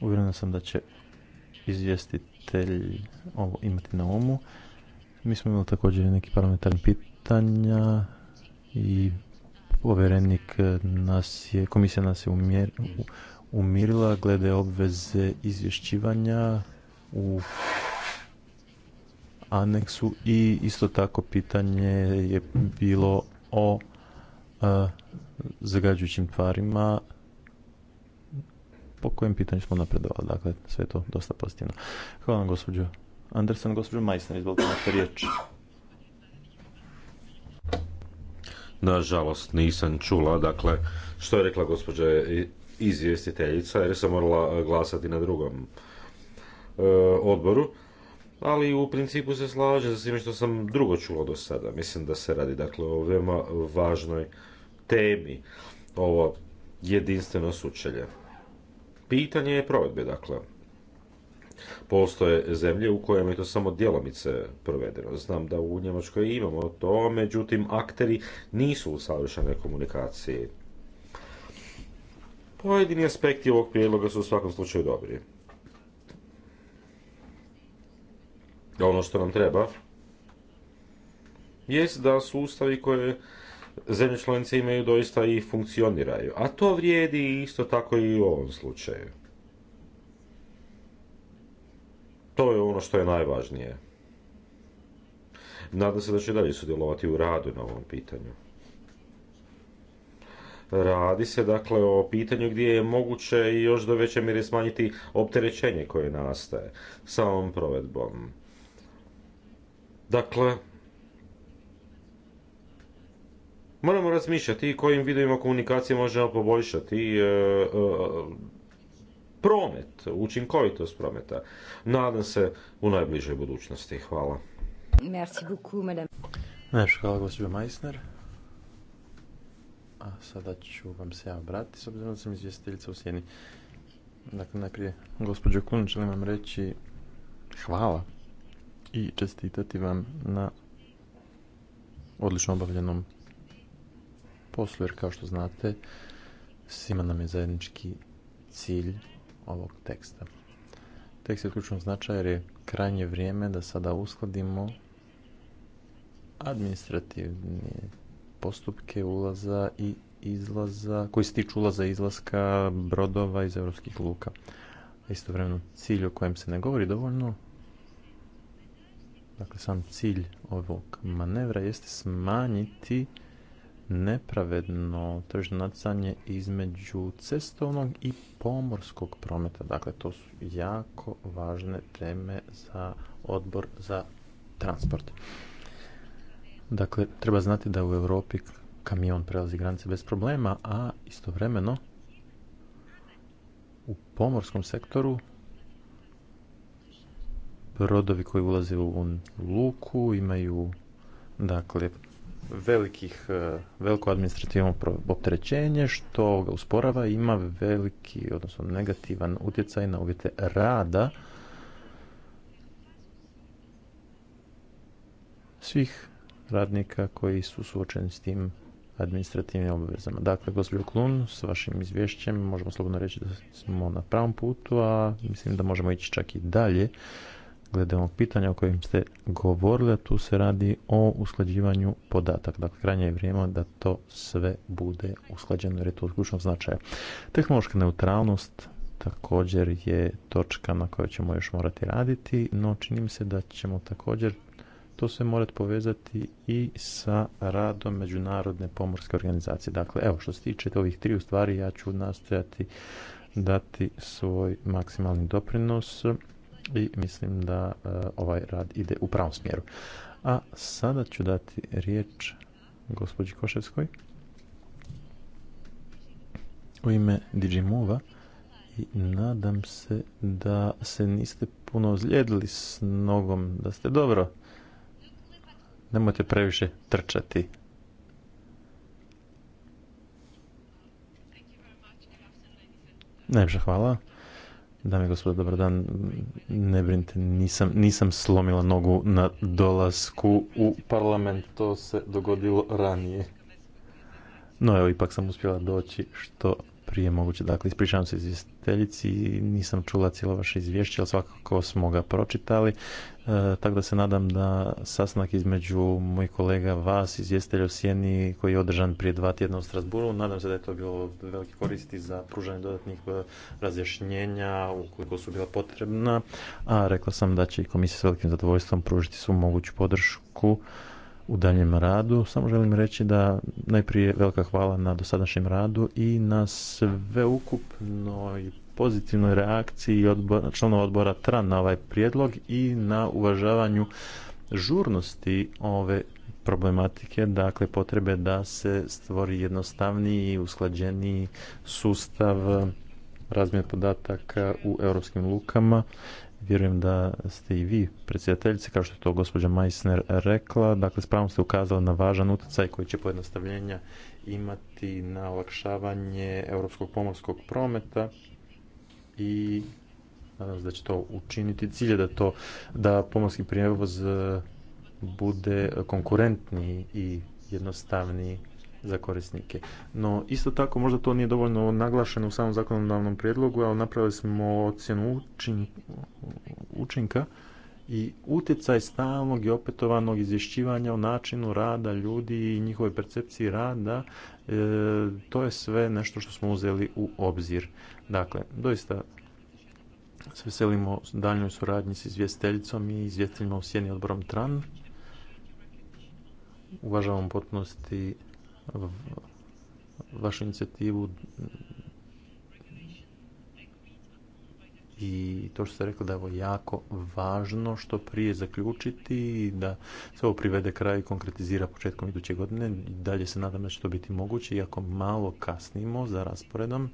uvjeren sam da će izvjestitelj ovo imati na umu. Mi smo imali također neki parlamentarni pitanja i povjerenik nas je, komisija nas je umirila glede obveze izvješćivanja u aneksu i isto tako pitanje je bilo o zagađujućim tvarima po kojem pitanju smo napredovali. Dakle, sve je to dosta pozitivno. Hvala vam, gospođo Andersen. Gospođo Majsner, izvolite na riječ. Nažalost, nisam čula, dakle, što je rekla gospođa izvjestiteljica, jer sam morala glasati na drugom e, odboru. Ali u principu se slaže za svime što sam drugo čulo do sada. Mislim da se radi dakle o veoma važnoj temi ovo jedinstveno sučelje. Pitanje je provedbe, dakle. Postoje zemlje u kojima je to samo djelomice provedeno. Znam da u Njemačkoj imamo to, međutim akteri nisu u savršenoj komunikaciji. Pojedini aspekti ovog prijedloga su u svakom slučaju dobri. Ono što nam treba jest da sustavi koje zemlje članice imaju doista i funkcioniraju. A to vrijedi isto tako i u ovom slučaju. To je ono što je najvažnije. Nadam se da će dalje sudjelovati u radu na ovom pitanju. Radi se dakle o pitanju gdje je moguće još do veće mire smanjiti opterećenje koje nastaje samom provedbom. Dakle, Moramo razmišljati i kojim vidovima komunikacije možemo poboljšati e, e, promet, učinkovitost prometa. Nadam se u najbližoj budućnosti. Hvala. Merci beaucoup, madame. hvala, gospođo Meissner. A sada ću vam se ja obratiti, s obzirom da sam izvjestiteljica u Sjeni. Dakle, najprije, gospođo Kun, želim vam reći hvala i čestitati vam na odlično obavljenom poslu, jer kao što znate, svima nam je zajednički cilj ovog teksta. Tekst je ključnog značaj jer je krajnje vrijeme da sada uskladimo administrativne postupke ulaza i izlaza, koji se tiču ulaza i izlaska brodova iz europskih luka. Istovremeno cilj o kojem se ne govori dovoljno, dakle sam cilj ovog manevra jeste smanjiti nepravedno tržno natjecanje između cestovnog i pomorskog prometa. Dakle, to su jako važne teme za odbor za transport. Dakle, treba znati da u Europi kamion prelazi granice bez problema, a istovremeno u pomorskom sektoru brodovi koji ulaze u luku imaju dakle velikih, e, veliko administrativno opterećenje što usporava ima veliki, odnosno negativan utjecaj na uvjete rada svih radnika koji su suočeni s tim administrativnim obvezama. Dakle, gospođo Klun, s vašim izvješćem možemo slobodno reći da smo na pravom putu, a mislim da možemo ići čak i dalje glede ovog pitanja o kojim ste govorili, tu se radi o usklađivanju podataka. Dakle, krajnje je vrijeme da to sve bude usklađeno jer je to od ključnog značaja. Tehnološka neutralnost također je točka na kojoj ćemo još morati raditi, no čini mi se da ćemo također to sve morati povezati i sa radom Međunarodne pomorske organizacije. Dakle, evo, što se tiče ovih tri stvari, ja ću nastojati dati svoj maksimalni doprinos i mislim da e, ovaj rad ide u pravom smjeru. A sada ću dati riječ gospođi Koševskoj u ime Digimova i nadam se da se niste puno ozlijedili s nogom, da ste dobro. Nemojte previše trčati. Najpša hvala. Dame i gospodo, dobar dan. Ne brinite, nisam, nisam slomila nogu na dolasku u parlament. To se dogodilo ranije. No evo, ipak sam uspjela doći što prije moguće. Dakle, ispričavam se izvjestiteljici, nisam čula cijelo vaše izvješće, ali svakako smo ga pročitali. E, tako da se nadam da sastanak između mojih kolega vas, izvjestitelja u Sjeni, koji je održan prije dva tjedna u Strasburu, nadam se da je to bilo veliki koristi za pružanje dodatnih e, razjašnjenja ukoliko su bila potrebna, a rekla sam da će i komisija s velikim zadovoljstvom pružiti svu moguću podršku u daljem radu. Samo želim reći da najprije velika hvala na dosadašnjem radu i na sveukupnoj pozitivnoj reakciji odbora, članova odbora TRAN na ovaj prijedlog i na uvažavanju žurnosti ove problematike, dakle potrebe da se stvori jednostavniji i usklađeniji sustav razmjene podataka u europskim lukama. Vjerujem da ste i vi, predsjedateljice, kao što je to gospođa Meissner rekla, dakle s pravom ste ukazali na važan utjecaj koji će pojednostavljenja imati na olakšavanje europskog pomorskog prometa i nadam se da će to učiniti. Cilj je da, to, da pomorski prijevoz e, bude konkurentniji i jednostavniji za korisnike. No, isto tako, možda to nije dovoljno naglašeno u samom zakonodavnom prijedlogu, ali napravili smo ocjenu učinka i utjecaj stalnog i opetovanog izvješćivanja o načinu rada ljudi i njihove percepciji rada, e, to je sve nešto što smo uzeli u obzir. Dakle, doista se veselimo daljnjoj suradnji s izvjesteljicom i izvjestiteljima u sjeni odborom TRAN. Uvažavam potpunosti vašu inicijativu i to što ste rekli da je ovo jako važno što prije zaključiti i da se ovo privede kraj i konkretizira početkom iduće godine. Dalje se nadam da će to biti moguće, iako malo kasnimo za rasporedom,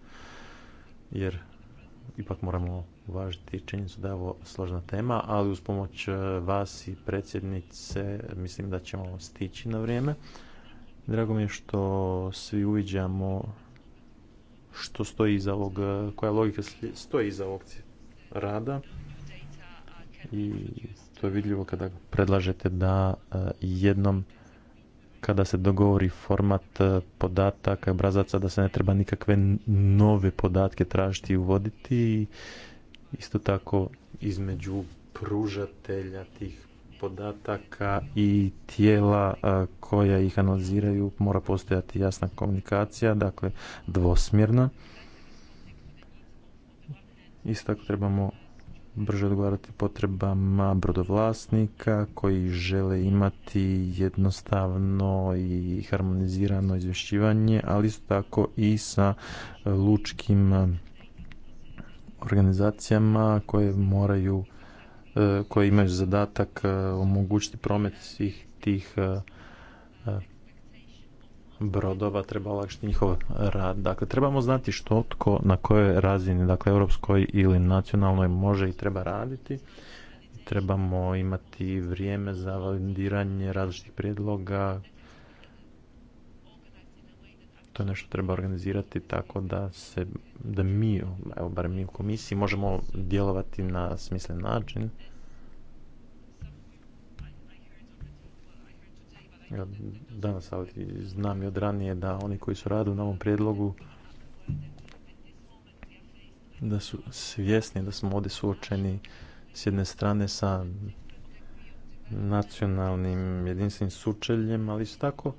jer ipak moramo uvažiti činjenicu da je ovo složna tema, ali uz pomoć eh, vas i predsjednice mislim da ćemo stići na vrijeme. Drago mi je što svi uviđamo što stoji iza ovog, eh, koja logika stoji iza ovog rada i to je vidljivo kada predlažete da e, jednom kada se dogovori format e, podataka, obrazaca, da se ne treba nikakve nove podatke tražiti i uvoditi. Isto tako između pružatelja tih podataka i tijela e, koja ih analiziraju mora postojati jasna komunikacija, dakle dvosmjerna. Isto tako trebamo brže odgovarati potrebama brodovlasnika koji žele imati jednostavno i harmonizirano izvješćivanje, ali isto tako i sa lučkim e, organizacijama koje moraju e, koje imaju zadatak e, omogućiti promet svih tih brodova treba olakšiti njihov rad. Dakle, trebamo znati što tko na kojoj razini, dakle europskoj ili nacionalnoj može i treba raditi. Trebamo imati vrijeme za validiranje različitih prijedloga. To je nešto treba organizirati tako da se da mi, evo bar mi u komisiji možemo djelovati na smislen način. danas, ali znam i od ranije da oni koji su radili na ovom prijedlogu da su svjesni da smo ovdje suočeni s jedne strane sa nacionalnim jedinstvenim sučeljem, ali isto tako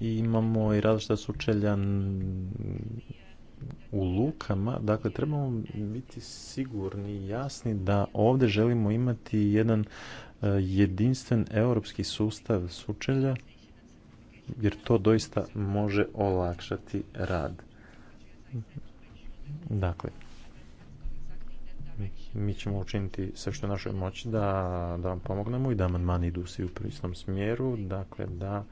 i imamo i različita sučelja u lukama. Dakle, trebamo biti sigurni i jasni da ovdje želimo imati jedan E, jedinstven europski sustav sučelja jer to doista može olakšati rad. Dakle, mi ćemo učiniti sve što je našoj moći da, vam pomognemo i da amandmani idu svi u istom smjeru, dakle da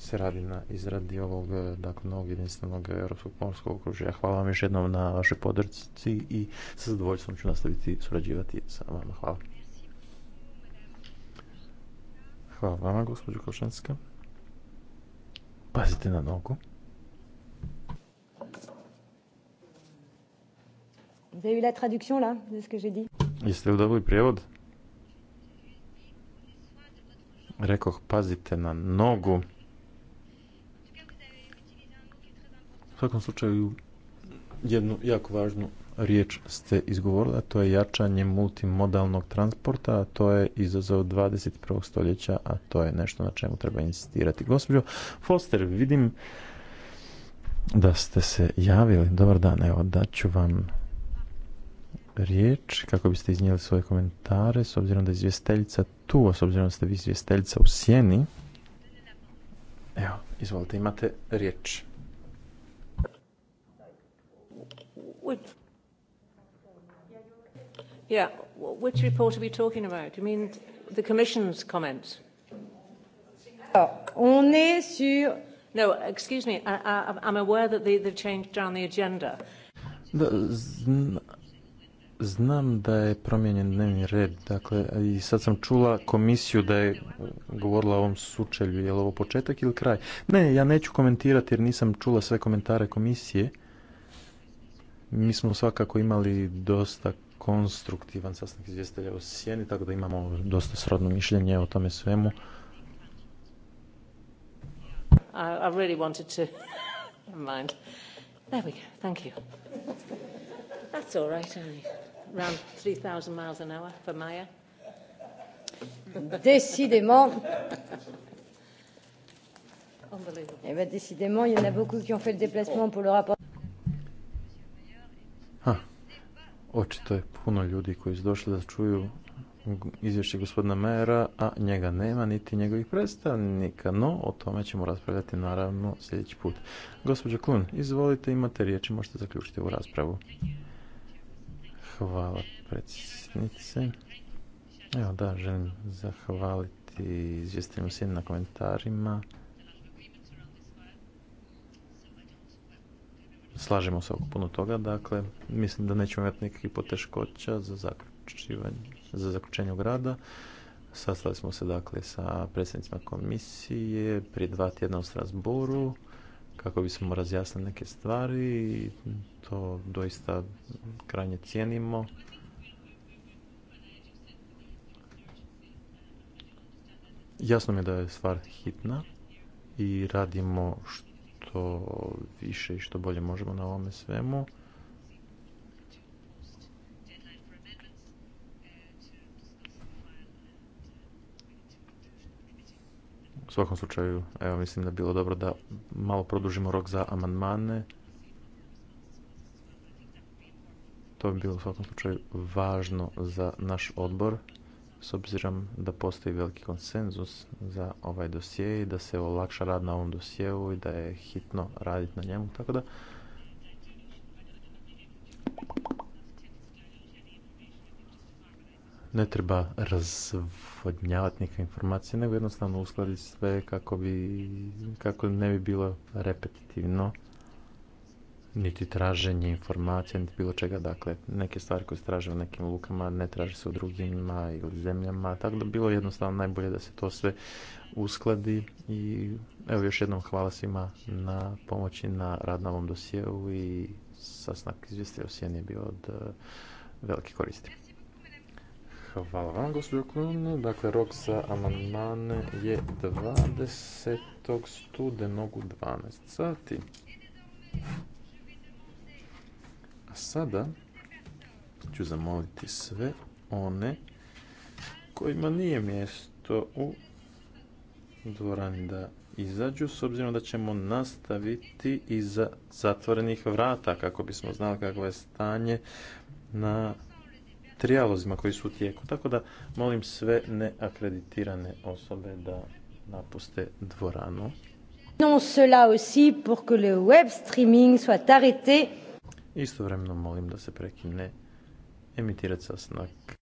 se radi na izradi ovog e, dakle, novog jedinstvenog europskog pomorskog okružja. Hvala vam još jednom na vašoj podršci i sa zadovoljstvom ću nastaviti surađivati sa vama. Hvala. Hvala vama, gospođo Košanska. Pazite na nogu. Jeste li dobili prijevod? Rekoh, pazite na nogu. svakom slučaju jednu jako važnu riječ ste izgovorili, a to je jačanje multimodalnog transporta, a to je izazov 21. stoljeća, a to je nešto na čemu treba insistirati. Gospođo Foster, vidim da ste se javili. Dobar dan, evo ću vam riječ kako biste iznijeli svoje komentare s obzirom da je izvjesteljica tu, a s obzirom da ste vi izvjesteljica u sjeni. Evo, izvolite, imate riječ. Which, yeah, which report are we talking about? You mean the Commission's comments? Oh, on est sur... No, excuse me, I, I, I'm aware that they, they've changed down the agenda. Da, znam da je promijenjen dnevni red, dakle, i sad sam čula komisiju da je govorila o ovom sučelju, je li ovo početak ili kraj? Ne, ja neću komentirati jer nisam čula sve komentare komisije. Mi smo svakako imali dosta konstruktivan sastanak izvjestelja u Sjeni, tako da imamo dosta srodno mišljenje o tome svemu. I, I really wanted to mind. There we go. Thank you. That's all right, only around 3,000 miles an hour for Maya. Décidément. Unbelievable. Eh ben, décidément, il y en a beaucoup qui ont fait le déplacement pour le rapport. Ha, očito je puno ljudi koji su došli da čuju izvješće gospodina Mera, a njega nema, niti njegovih predstavnika, no o tome ćemo raspravljati naravno sljedeći put. Gospođo Klun, izvolite, imate riječi, možete zaključiti ovu raspravu. Hvala predsjednice. Evo da, želim zahvaliti izvjestiteljima svim na komentarima. slažemo se oko puno toga, dakle mislim da nećemo imati nekakvih poteškoća za zaključivanje, za zaključenje grada. Sastali smo se dakle sa predsjednicima komisije prije dva tjedna u Strasboru kako bismo razjasnili neke stvari i to doista krajnje cijenimo. Jasno mi je da je stvar hitna i radimo što što više i što bolje možemo na ovome svemu. U svakom slučaju, evo, mislim da bi bilo dobro da malo produžimo rok za amandmane. To bi bilo u svakom slučaju važno za naš odbor s obzirom da postoji veliki konsenzus za ovaj dosje i da se olakša rad na ovom dosjevu i da je hitno raditi na njemu, tako da ne treba razvodnjavati neke informacije, nego jednostavno uskladiti sve kako, bi, kako ne bi bilo repetitivno niti traženje informacija, niti bilo čega. Dakle, neke stvari koje se traže u nekim lukama ne traže se u drugima ili zemljama. Tako da bilo jednostavno najbolje da se to sve uskladi i evo još jednom hvala svima na pomoći na radnom na ovom dosjeu i sasnak izvjestitelja u Sjeni je bio od eh, velike koristi. Hvala vam, gospođo Klun. Dakle, rok za amandmane je 20. studenog u 12 sati. A sada ću zamoliti sve one kojima nije mjesto u dvorani da izađu, s obzirom da ćemo nastaviti iza zatvorenih vrata kako bismo znali kakvo je stanje na trijalozima koji su u tijeku. Tako da molim sve neakreditirane osobe da napuste dvoranu. Non, cela aussi pour que le web streaming soit arrêté Istovremeno molim da se prekine emitirati snak.